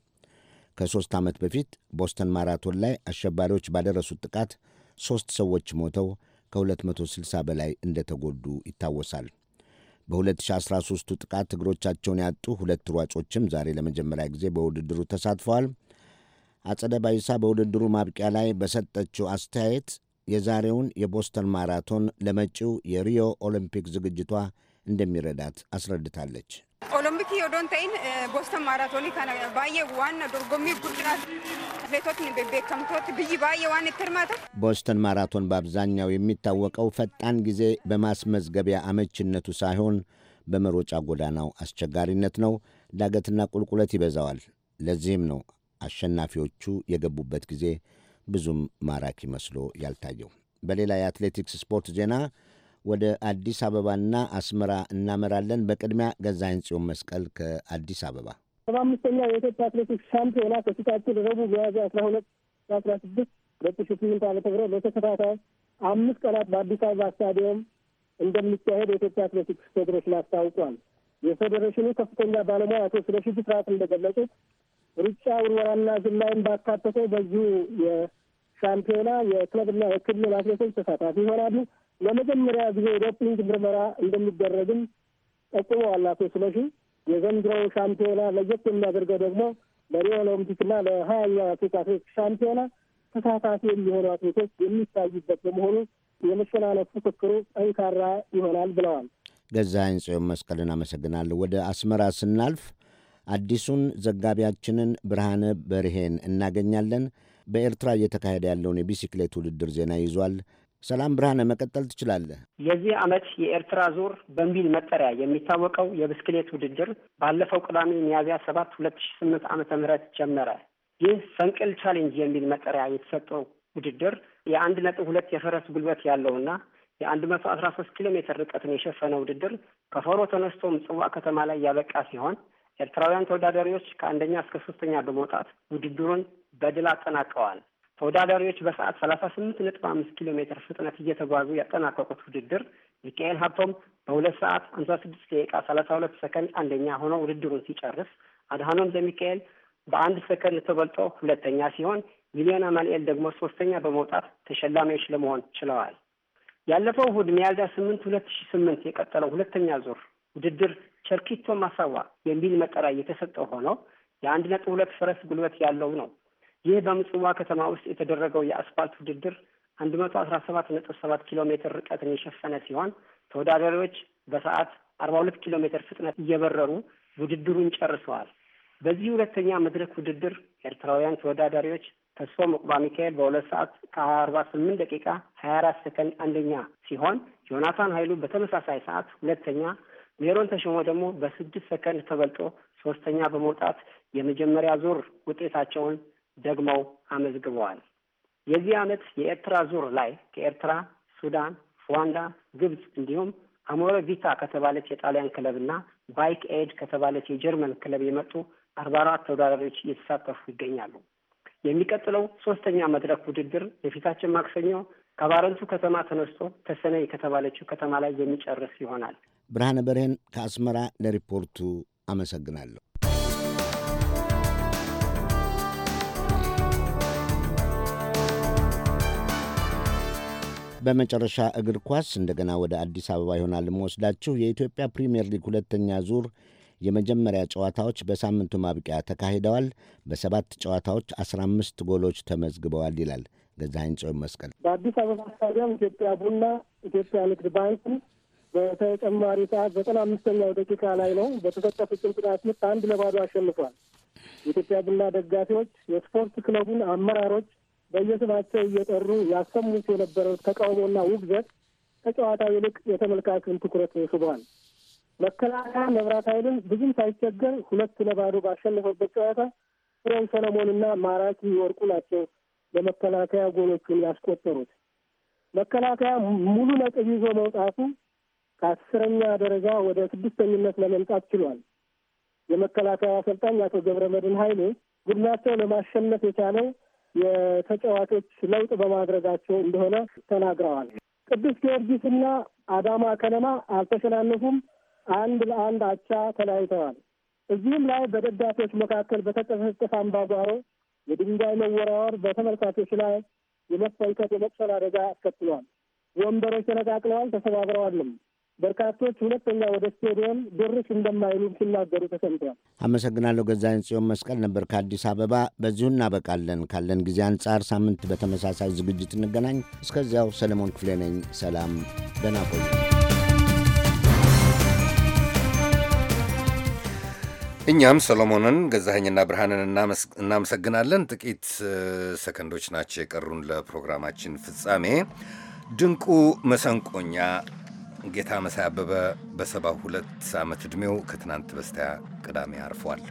ከሦስት ዓመት በፊት ቦስተን ማራቶን ላይ አሸባሪዎች ባደረሱት ጥቃት ሦስት ሰዎች ሞተው ከ260 በላይ እንደተጎዱ ይታወሳል። በ2013ቱ ጥቃት እግሮቻቸውን ያጡ ሁለት ሯጮችም ዛሬ ለመጀመሪያ ጊዜ በውድድሩ ተሳትፈዋል። አጸደ ባይሳ በውድድሩ ማብቂያ ላይ በሰጠችው አስተያየት የዛሬውን የቦስተን ማራቶን ለመጪው የሪዮ ኦሎምፒክ ዝግጅቷ እንደሚረዳት አስረድታለች። ኦሎምፒክ የዶን ተይን ቦስተን ማራቶኒ ባየ ዋና ዶርጎሚ ጉድራት ቦስተን ማራቶን በአብዛኛው የሚታወቀው ፈጣን ጊዜ በማስመዝገቢያ አመችነቱ ሳይሆን በመሮጫ ጎዳናው አስቸጋሪነት ነው። ዳገትና ቁልቁለት ይበዛዋል። ለዚህም ነው አሸናፊዎቹ የገቡበት ጊዜ ብዙም ማራኪ መስሎ ያልታየው። በሌላ የአትሌቲክስ ስፖርት ዜና ወደ አዲስ አበባና አስመራ እናመራለን። በቅድሚያ ገዛኸኝ ጽዮን መስቀል ከአዲስ አበባ። ሰባ አምስተኛው የኢትዮጵያ አትሌቲክስ ሻምፒዮና ከፊታችን ረቡዕ ሚያዝያ አስራ ሁለት አስራ ስድስት ሁለት ሺ ስምንት ዓመተ ምህረት ለተከታታይ አምስት ቀናት በአዲስ አበባ ስታዲየም እንደሚካሄድ የኢትዮጵያ አትሌቲክስ ፌዴሬሽን አስታውቋል። የፌዴሬሽኑ ከፍተኛ ባለሙያ አቶ ስለሺ ብስራት እንደገለጹት ሩጫ፣ ውርወራና ዝላይን ባካተተው በዚሁ የሻምፒዮና የክለብና የክልል አትሌቶች ተሳታፊ ይሆናሉ። ለመጀመሪያ ጊዜ ዶፒንግ ምርመራ እንደሚደረግም ጠቁመዋል አቶ ስለሺ። የዘንድሮው ሻምፒዮና ለየት የሚያደርገው ደግሞ ለሪዮ ኦሎምፒክና ለሀያኛው አትሌት ሻምፒዮና ተሳታፊ የሚሆኑ አትሌቶች የሚታዩበት በመሆኑ የመሸናነፍ ፉክክሩ ጠንካራ ይሆናል ብለዋል። ገዛ ጽዮን መስቀልን አመሰግናለሁ። ወደ አስመራ ስናልፍ አዲሱን ዘጋቢያችንን ብርሃነ በርሄን እናገኛለን። በኤርትራ እየተካሄደ ያለውን የቢሲክሌት ውድድር ዜና ይዟል። ሰላም ብርሃነ መቀጠል ትችላለህ። የዚህ ዓመት የኤርትራ ዙር በሚል መጠሪያ የሚታወቀው የብስክሌት ውድድር ባለፈው ቅዳሜ ሚያዝያ ሰባት ሁለት ሺ ስምንት ዓመተ ምህረት ጀመረ። ይህ ሰንቅል ቻሌንጅ የሚል መጠሪያ የተሰጠው ውድድር የአንድ ነጥብ ሁለት የፈረስ ጉልበት ያለውና የአንድ መቶ አስራ ሶስት ኪሎ ሜትር ርቀትን የሸፈነ ውድድር ከፈሮ ተነስቶ ምጽዋ ከተማ ላይ ያበቃ ሲሆን ኤርትራውያን ተወዳዳሪዎች ከአንደኛ እስከ ሶስተኛ በመውጣት ውድድሩን በድል አጠናቀዋል። ተወዳዳሪዎች በሰዓት ሰላሳ ስምንት ነጥብ አምስት ኪሎ ሜትር ፍጥነት እየተጓዙ ያጠናቀቁት ውድድር ሚካኤል ሀብቶም በሁለት ሰዓት አምሳ ስድስት ደቂቃ ሰላሳ ሁለት ሰከንድ አንደኛ ሆኖ ውድድሩን ሲጨርስ አድሃኖም ዘሚካኤል በአንድ ሰከንድ ተበልጦ ሁለተኛ ሲሆን ሚሊዮን አማንኤል ደግሞ ሶስተኛ በመውጣት ተሸላሚዎች ለመሆን ችለዋል። ያለፈው እሁድ ሚያዝያ ስምንት ሁለት ሺ ስምንት የቀጠለው ሁለተኛ ዙር ውድድር ቸርኪቶ ማሳዋ የሚል መጠሪያ የተሰጠው ሆኖ የአንድ ነጥብ ሁለት ፈረስ ጉልበት ያለው ነው። ይህ በምጽዋ ከተማ ውስጥ የተደረገው የአስፋልት ውድድር አንድ መቶ አስራ ሰባት ነጥብ ሰባት ኪሎ ሜትር ርቀትን የሸፈነ ሲሆን ተወዳዳሪዎች በሰዓት አርባ ሁለት ኪሎ ሜትር ፍጥነት እየበረሩ ውድድሩን ጨርሰዋል። በዚህ ሁለተኛ መድረክ ውድድር ኤርትራውያን ተወዳዳሪዎች ተስፎ ሙቅባ ሚካኤል በሁለት ሰዓት ከሀያ አርባ ስምንት ደቂቃ ሀያ አራት ሰከንድ አንደኛ ሲሆን ዮናታን ኃይሉ በተመሳሳይ ሰዓት ሁለተኛ፣ ሜሮን ተሽሞ ደግሞ በስድስት ሰከንድ ተበልጦ ሶስተኛ በመውጣት የመጀመሪያ ዙር ውጤታቸውን ደግመው አመዝግበዋል። የዚህ ዓመት የኤርትራ ዙር ላይ ከኤርትራ፣ ሱዳን፣ ሩዋንዳ፣ ግብፅ እንዲሁም አሞረ ቪታ ከተባለች የጣሊያን ክለብ እና ባይክ ኤድ ከተባለች የጀርመን ክለብ የመጡ አርባ አራት ተወዳዳሪዎች እየተሳተፉ ይገኛሉ። የሚቀጥለው ሶስተኛ መድረክ ውድድር የፊታችን ማክሰኞ ከባረንቱ ከተማ ተነስቶ ተሰነይ ከተባለችው ከተማ ላይ የሚጨርስ ይሆናል። ብርሃነ በርሄን ከአስመራ ለሪፖርቱ አመሰግናለሁ። በመጨረሻ እግር ኳስ እንደገና ወደ አዲስ አበባ ይሆናል የምወስዳችሁ። የኢትዮጵያ ፕሪምየር ሊግ ሁለተኛ ዙር የመጀመሪያ ጨዋታዎች በሳምንቱ ማብቂያ ተካሂደዋል። በሰባት ጨዋታዎች አስራ አምስት ጎሎች ተመዝግበዋል ይላል ገዛኸኝ ጽዮን መስቀል። በአዲስ አበባ ስታዲያም ኢትዮጵያ ቡና ኢትዮጵያ ንግድ ባንክን በተጨማሪ ሰዓት ዘጠና አምስተኛው ደቂቃ ላይ ነው በተሰጠ ፍጹም ቅጣት ምት አንድ ለባዶ አሸንፏል። የኢትዮጵያ ቡና ደጋፊዎች፣ የስፖርት ክለቡን አመራሮች በየስማቸው እየጠሩ ያሰሙት የነበረው ተቃውሞና ውግዘት ከጨዋታ ይልቅ የተመልካችን ትኩረት ስቧል። መከላከያ መብራት ኃይልን ብዙም ሳይቸገር ሁለት ለባዶ ባሸነፈበት ጨዋታ ፍሬው ሰለሞንና ማራኪ ወርቁ ናቸው ለመከላከያ ጎሎቹን ያስቆጠሩት። መከላከያ ሙሉ ነጥብ ይዞ መውጣቱ ከአስረኛ ደረጃ ወደ ስድስተኝነት ለመምጣት ችሏል። የመከላከያ አሰልጣኝ አቶ ገብረ መድን ኃይሌ ቡድናቸው ለማሸነፍ የቻለው የተጫዋቾች ለውጥ በማድረጋቸው እንደሆነ ተናግረዋል። ቅዱስ ጊዮርጊስና አዳማ ከነማ አልተሸናነፉም። አንድ ለአንድ አቻ ተለያይተዋል። እዚህም ላይ በደጋፊዎች መካከል በተቀሰቀሰ አምባጓሮ የድንጋይ መወራወር በተመልካቾች ላይ የመፈልከት የመቁሰል አደጋ አስከትሏል። ወንበሮች ተነቃቅለዋል፣ ተሰባብረዋልም። በርካቶች ሁለተኛ ወደ ስቴዲየም ድርስ እንደማይሉ ሲናገሩ ተሰምተዋል። አመሰግናለሁ። ገዛኸኝ ጽዮን መስቀል ነበር ከአዲስ አበባ። በዚሁ እናበቃለን። ካለን ጊዜ አንጻር ሳምንት በተመሳሳይ ዝግጅት እንገናኝ። እስከዚያው ሰለሞን ክፍሌ ነኝ። ሰላም፣ ደህና ቆዩ። እኛም ሰሎሞንን ገዛኸኝና ብርሃንን እናመሰግናለን። ጥቂት ሰከንዶች ናቸው የቀሩን ለፕሮግራማችን ፍጻሜ። ድንቁ መሰንቆኛ ጌታ መሳይ አበበ በሰባ ሁለት ዓመት ዕድሜው ከትናንት በስቲያ ቅዳሜ አርፏል።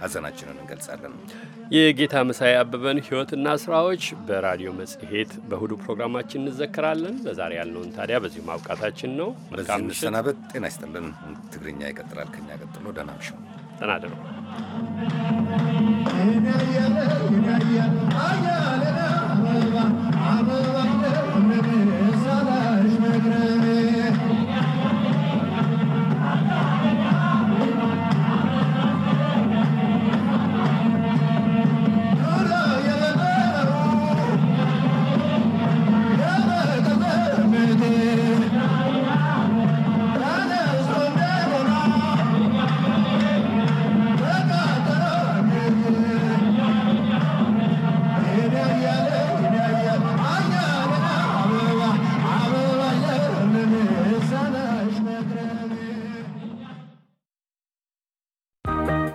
ሐዘናችንን እንገልጻለን። የጌታ መሳይ አበበን ሕይወትና ስራዎች በራዲዮ መጽሔት በእሁዱ ፕሮግራማችን እንዘከራለን። ለዛሬ ያልነውን ታዲያ በዚሁ ማብቃታችን ነው። በዚህ እንሰናበት። ጤና ይስጥልን። ትግርኛ ይቀጥላል። ከኛ ቀጥሎ ደህና ምሹ ተናደሩ I'm